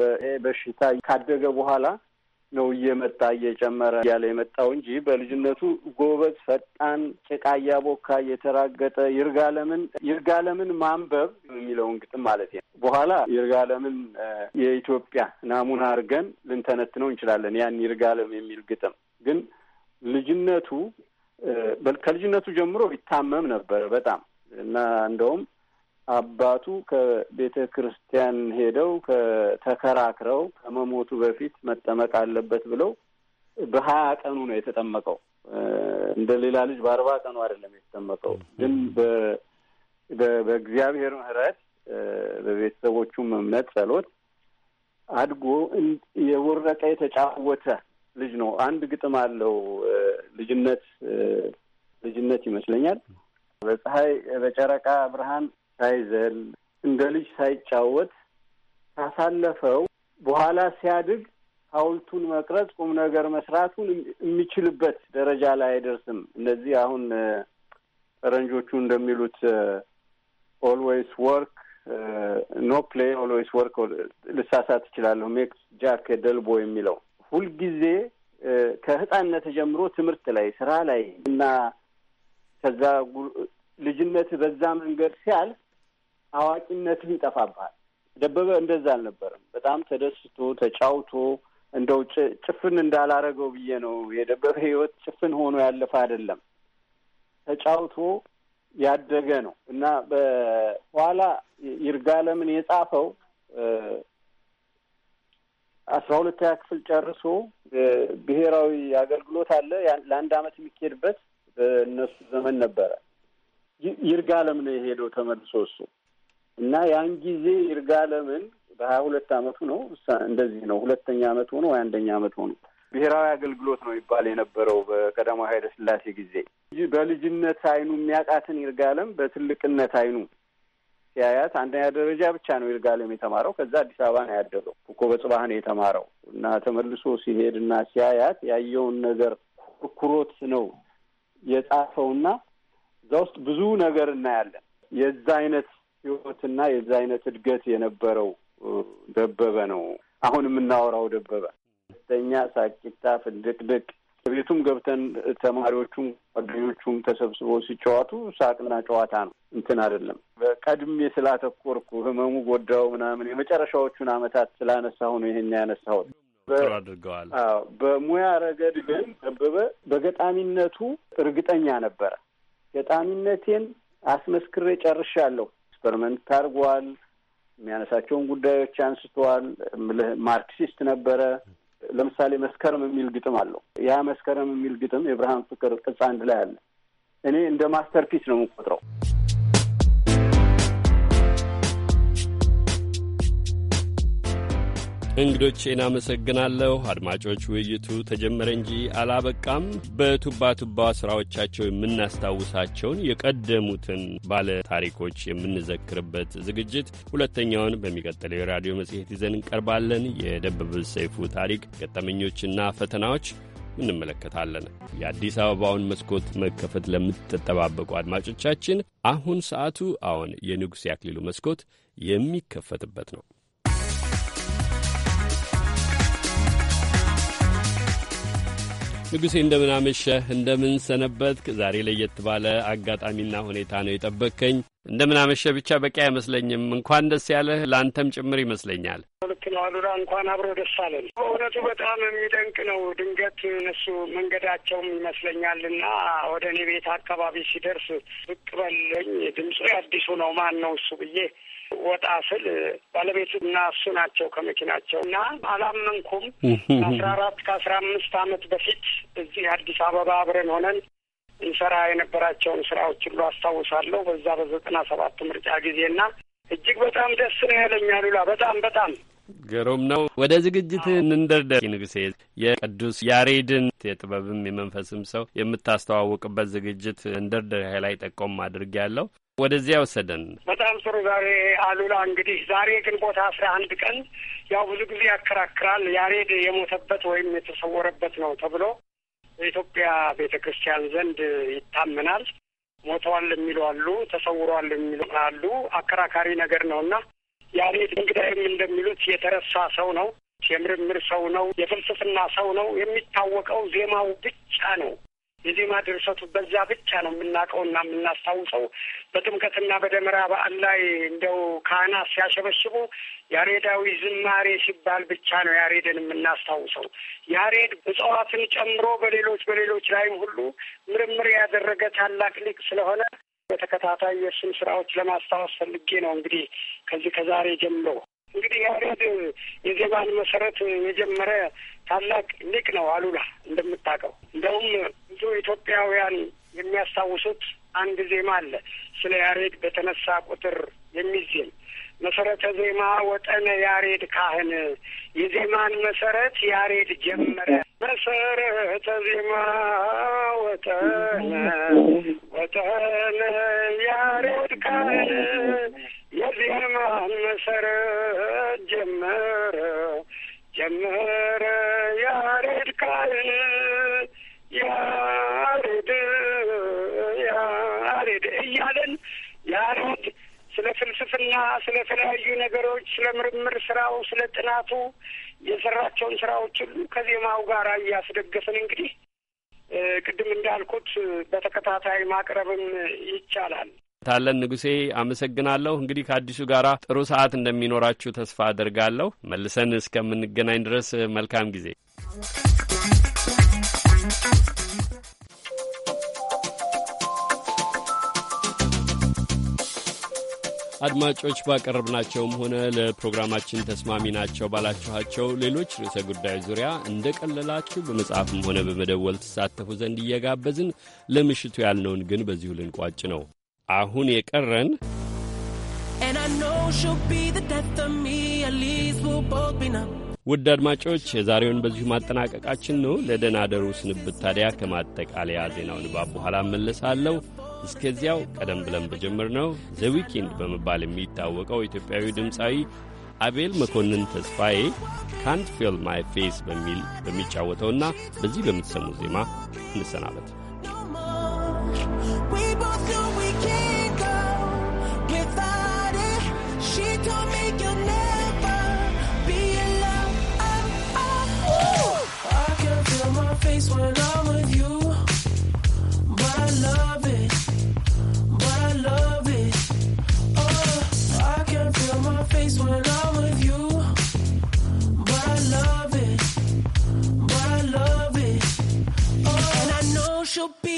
በሽታ ካደገ በኋላ ነው እየመጣ እየጨመረ እያለ የመጣው እንጂ በልጅነቱ ጎበዝ፣ ፈጣን፣ ጭቃ እያቦካ የተራገጠ ይርጋለምን ይርጋለምን ማንበብ የሚለውን ግጥም ማለት ነው። በኋላ ይርጋለምን የኢትዮጵያ ናሙና አድርገን ልንተነትነው እንችላለን። ያን ይርጋለም የሚል ግጥም ግን ልጅነቱ ከልጅነቱ ጀምሮ ይታመም ነበር በጣም እና እንደውም አባቱ ከቤተ ክርስቲያን ሄደው ከተከራክረው ከመሞቱ በፊት መጠመቅ አለበት ብለው በሀያ ቀኑ ነው የተጠመቀው። እንደ ሌላ ልጅ በአርባ ቀኑ አይደለም የተጠመቀው። ግን በእግዚአብሔር ምሕረት በቤተሰቦቹም እምነት ጸሎት አድጎ የወረቀ የተጫወተ ልጅ ነው። አንድ ግጥም አለው ልጅነት ልጅነት ይመስለኛል። በፀሐይ በጨረቃ ብርሃን ሳይዘል እንደ ልጅ ሳይጫወት ካሳለፈው በኋላ ሲያድግ ሐውልቱን መቅረጽ ቁም ነገር መስራቱን የሚችልበት ደረጃ ላይ አይደርስም። እነዚህ አሁን ፈረንጆቹ እንደሚሉት ኦልዌይስ ወርክ ኖ ፕሌይ ኦልዌይስ ወርክ፣ ልሳሳት እችላለሁ፣ ሜክስ ጃክ ደልቦ የሚለው ሁልጊዜ ከህፃንነት ጀምሮ ትምህርት ላይ፣ ስራ ላይ እና ከዛ ልጅነት በዛ መንገድ ሲያልፍ አዋቂነትን ይጠፋብሃል። ደበበ እንደዛ አልነበረም። በጣም ተደስቶ ተጫውቶ እንደው ጭፍን እንዳላረገው ብዬ ነው። የደበበ ህይወት ጭፍን ሆኖ ያለፈ አይደለም። ተጫውቶ ያደገ ነው እና በኋላ ይርጋለምን የጻፈው አስራ ሁለተኛ ክፍል ጨርሶ ብሔራዊ አገልግሎት አለ ለአንድ አመት የሚካሄድበት በእነሱ ዘመን ነበረ። ይርጋለም ነው የሄደው ተመልሶ እሱ እና ያን ጊዜ ይርጋ ለምን በሀያ ሁለት አመቱ ነው እንደዚህ ነው ሁለተኛ አመት ሆኖ ወይ አንደኛ አመት ሆኖ ብሔራዊ አገልግሎት ነው ይባል የነበረው በቀዳማዊ ኃይለ ስላሴ ጊዜ በልጅነት አይኑ የሚያውቃትን ይርጋለም በትልቅነት አይኑ ሲያያት አንደኛ ደረጃ ብቻ ነው ይርጋለም የተማረው። ከዛ አዲስ አበባ ነው ያደረው እኮ በጽባህ ነው የተማረው እና ተመልሶ ሲሄድ እና ሲያያት ያየውን ነገር ኩርኩሮት ነው የጻፈውና እዛ ውስጥ ብዙ ነገር እናያለን። የዛ አይነት ህይወትና የዚ አይነት እድገት የነበረው ደበበ ነው። አሁን የምናወራው ደበበ ደስተኛ፣ ሳቂታ፣ ፍንድቅድቅ ቤቱም ገብተን ተማሪዎቹም ጓደኞቹም ተሰብስበው ሲጫወቱ ሳቅና ጨዋታ ነው። እንትን አይደለም። ቀድሜ ስላተኮርኩ ህመሙ ጎዳው ምናምን የመጨረሻዎቹን አመታት ስላነሳሁ ነው ይሄን ያነሳሁት። አድርገዋል። በሙያ ረገድ ግን ደበበ በገጣሚነቱ እርግጠኛ ነበረ። ገጣሚነቴን አስመስክሬ ጨርሻለሁ ኤክስፐሪመንት ታርጓል። የሚያነሳቸውን ጉዳዮች አንስተዋል። ማርክሲስት ነበረ። ለምሳሌ መስከረም የሚል ግጥም አለው። ያ መስከረም የሚል ግጥም የብርሃን ፍቅር ቅጽ አንድ ላይ አለ። እኔ እንደ ማስተርፒስ ነው የምቆጥረው። እንግዶቼን አመሰግናለሁ። አድማጮች ውይይቱ ተጀመረ እንጂ አላበቃም። በቱባ ቱባ ስራዎቻቸው የምናስታውሳቸውን የቀደሙትን ባለ ታሪኮች የምንዘክርበት ዝግጅት ሁለተኛውን በሚቀጥለው የራዲዮ መጽሔት ይዘን እንቀርባለን። የደበበ ሰይፉ ታሪክ ገጠመኞችና ፈተናዎች እንመለከታለን። የአዲስ አበባውን መስኮት መከፈት ለምትጠባበቁ አድማጮቻችን አሁን ሰዓቱ አሁን የንጉሥ ያክሊሉ መስኮት የሚከፈትበት ነው። ንጉሴ እንደምናመሸህ እንደምን ሰነበት። ዛሬ ለየት ባለ አጋጣሚና ሁኔታ ነው የጠበቅከኝ። እንደምናመሸህ ብቻ በቂ አይመስለኝም። እንኳን ደስ ያለህ ለአንተም ጭምር ይመስለኛል። ልክ ነው አሉላ፣ እንኳን አብሮ ደስ አለን። በእውነቱ በጣም የሚደንቅ ነው። ድንገት እነሱ መንገዳቸውም ይመስለኛል እና ወደ እኔ ቤት አካባቢ ሲደርስ ብቅ በለኝ ድምፁ አዲሱ ነው ማን ነው እሱ ብዬ ወጣ ስል ባለቤቱ እና እሱ ናቸው ከመኪናቸው እና አላመንኩም። አስራ አራት ከአስራ አምስት አመት በፊት እዚህ አዲስ አበባ አብረን ሆነን እንሰራ የነበራቸውን ስራዎች ሁሉ አስታውሳለሁ። በዛ በዘጠና ሰባት ምርጫ ጊዜና እጅግ በጣም ደስ ነው ያለኝ አሉላ። በጣም በጣም ግሩም ነው። ወደ ዝግጅት እንንደርደር። ንጉሴ የቅዱስ ያሬድን የጥበብም የመንፈስም ሰው የምታስተዋውቅበት ዝግጅት እንደርደሪያ ላይ ጠቆም አድርግ ያለው ወደዚያ ወሰደን። በጣም ጥሩ። ዛሬ አሉላ እንግዲህ ዛሬ ግንቦት አስራ አንድ ቀን ያው ብዙ ጊዜ ያከራክራል ያሬድ የሞተበት ወይም የተሰወረበት ነው ተብሎ በኢትዮጵያ ቤተ ክርስቲያን ዘንድ ይታመናል። ሞተዋል የሚሉ አሉ፣ ተሰውሯል የሚሉ አሉ። አከራካሪ ነገር ነው እና ያሬድ እንግዳይም እንደሚሉት የተረሳ ሰው ነው። የምርምር ሰው ነው። የፍልስፍና ሰው ነው። የሚታወቀው ዜማው ብቻ ነው። የዜማ ድርሰቱ በዛ ብቻ ነው የምናቀውና የምናስታውሰው። በጥምቀትና በደመራ በዓል ላይ እንደው ካህናት ሲያሸበሽቡ ያሬዳዊ ዝማሬ ሲባል ብቻ ነው ያሬድን የምናስታውሰው። ያሬድ እጽዋትን ጨምሮ በሌሎች በሌሎች ላይም ሁሉ ምርምር ያደረገ ታላቅ ሊቅ ስለሆነ በተከታታይ የእሱን ስራዎች ለማስታወስ ፈልጌ ነው። እንግዲህ ከዚህ ከዛሬ ጀምሮ እንግዲህ ያሬድ የዜማን መሰረት የጀመረ ታላቅ ሊቅ ነው አሉላ እንደምታውቀው። እንደውም ብዙ ኢትዮጵያውያን የሚያስታውሱት አንድ ዜማ አለ ስለ ያሬድ በተነሳ ቁጥር የሚዜም መሰረተ ዜማ ወጠነ ያሬድ ካህን የዜማን መሰረት ያሬድ ጀመረ መሰረተ ዜማ ያሬድ የዜማን መሰረት ጀመረ ጀመረ ያሬድ ያሬድ ያሬድ እያለን ያሬድ ስለ ፍልስፍና፣ ስለተለያዩ ነገሮች፣ ስለ ምርምር ስራው፣ ስለ ጥናቱ የሰራቸውን ስራዎች ሁሉ ከዜማው ጋር እያስደገፍን እንግዲህ ቅድም እንዳልኩት በተከታታይ ማቅረብም ይቻላል። ታለን ንጉሴ አመሰግናለሁ። እንግዲህ ከአዲሱ ጋራ ጥሩ ሰዓት እንደሚኖራችሁ ተስፋ አድርጋለሁ። መልሰን እስከምንገናኝ ድረስ መልካም ጊዜ አድማጮች ባቀረብናቸውም ሆነ ለፕሮግራማችን ተስማሚ ናቸው ባላችኋቸው ሌሎች ርዕሰ ጉዳዮች ዙሪያ እንደ ቀለላችሁ በመጽሐፍም ሆነ በመደወል ትሳተፉ ዘንድ እየጋበዝን ለምሽቱ ያልነውን ግን በዚሁ ልንቋጭ ነው። አሁን የቀረን ውድ አድማጮች የዛሬውን በዚሁ ማጠናቀቃችን ነው። ለደናደሩ ስንብት ታዲያ ከማጠቃለያ ዜናው ንባብ በኋላ መለሳለሁ። እስከዚያው ቀደም ብለን ነው ዘ ዊኬንድ በመባል የሚታወቀው ኢትዮጵያዊ ድምፃዊ አቤል መኮንን ተስፋዬ ካንት ፌል ማይ ፌስ በሚል በሚጫወተውና በዚህ በምትሰሙ ዜማ እንሰናበት።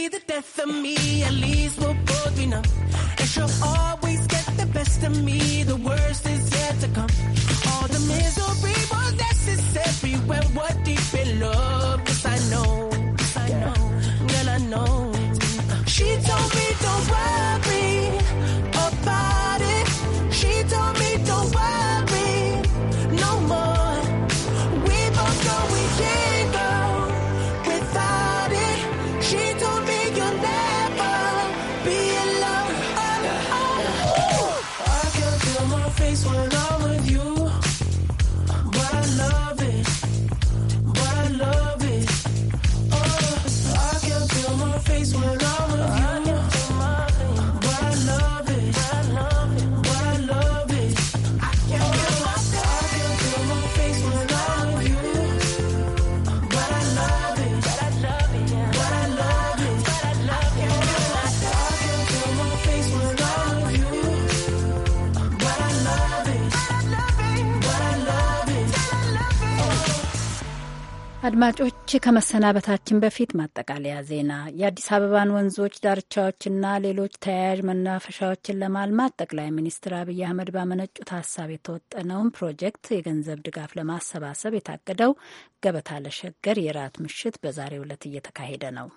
the death of me, at least we'll both be numb. And she'll always get the best of me, the worst is yet to come. All the misery was necessary when we're deep in love. Cause I know, I know, girl, I know. She told me don't worry about አድማጮች ከመሰናበታችን በፊት ማጠቃለያ ዜና። የአዲስ አበባን ወንዞች ዳርቻዎችና ሌሎች ተያያዥ መናፈሻዎችን ለማልማት ጠቅላይ ሚኒስትር አብይ አህመድ ባመነጩት ሀሳብ የተወጠነውን ፕሮጀክት የገንዘብ ድጋፍ ለማሰባሰብ የታቀደው ገበታ ለሸገር የራት ምሽት በዛሬው ዕለት እየተካሄደ ነው።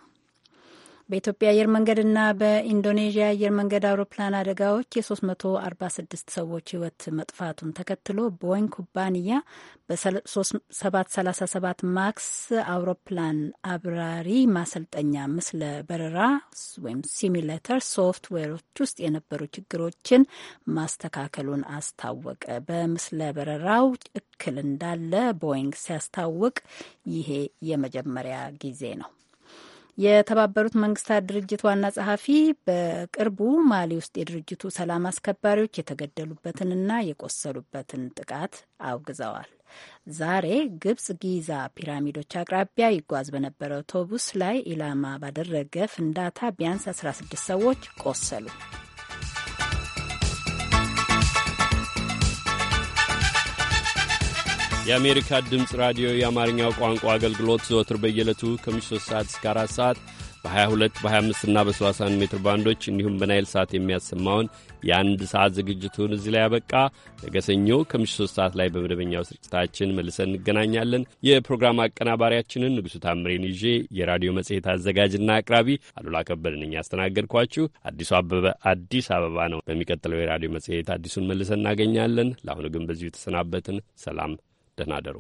በኢትዮጵያ አየር መንገድና በኢንዶኔዥያ አየር መንገድ አውሮፕላን አደጋዎች የ346 ሰዎች ህይወት መጥፋቱን ተከትሎ ቦይንግ ኩባንያ በ737 ማክስ አውሮፕላን አብራሪ ማሰልጠኛ ምስለ በረራ ወይም ሲሚሌተር ሶፍትዌሮች ውስጥ የነበሩ ችግሮችን ማስተካከሉን አስታወቀ። በምስለ በረራው እክል እንዳለ ቦይንግ ሲያስታውቅ ይሄ የመጀመሪያ ጊዜ ነው። የተባበሩት መንግስታት ድርጅት ዋና ጸሐፊ በቅርቡ ማሊ ውስጥ የድርጅቱ ሰላም አስከባሪዎች የተገደሉበትንና የቆሰሉበትን ጥቃት አውግዘዋል። ዛሬ ግብጽ ጊዛ ፒራሚዶች አቅራቢያ ይጓዝ በነበረ አውቶቡስ ላይ ኢላማ ባደረገ ፍንዳታ ቢያንስ 16 ሰዎች ቆሰሉ። የአሜሪካ ድምፅ ራዲዮ የአማርኛው ቋንቋ አገልግሎት ዘወትር በየዕለቱ ከምሽቱ 3 ሰዓት እስከ 4 ሰዓት በ22 በ25 እና በ31 ሜትር ባንዶች እንዲሁም በናይል ሰዓት የሚያሰማውን የአንድ ሰዓት ዝግጅቱን እዚህ ላይ ያበቃ። ነገ ሰኞ ከምሽቱ 3 ሰዓት ላይ በመደበኛው ስርጭታችን መልሰን እንገናኛለን። የፕሮግራም አቀናባሪያችንን ንጉሡ ታምሬን ይዤ የራዲዮ መጽሔት አዘጋጅና አቅራቢ አሉላ ከበደ ነኝ ያስተናገድኳችሁ። አዲሱ አበበ አዲስ አበባ ነው። በሚቀጥለው የራዲዮ መጽሔት አዲሱን መልሰን እናገኛለን። ለአሁኑ ግን በዚሁ የተሰናበትን። ሰላም ደህና ደሩ።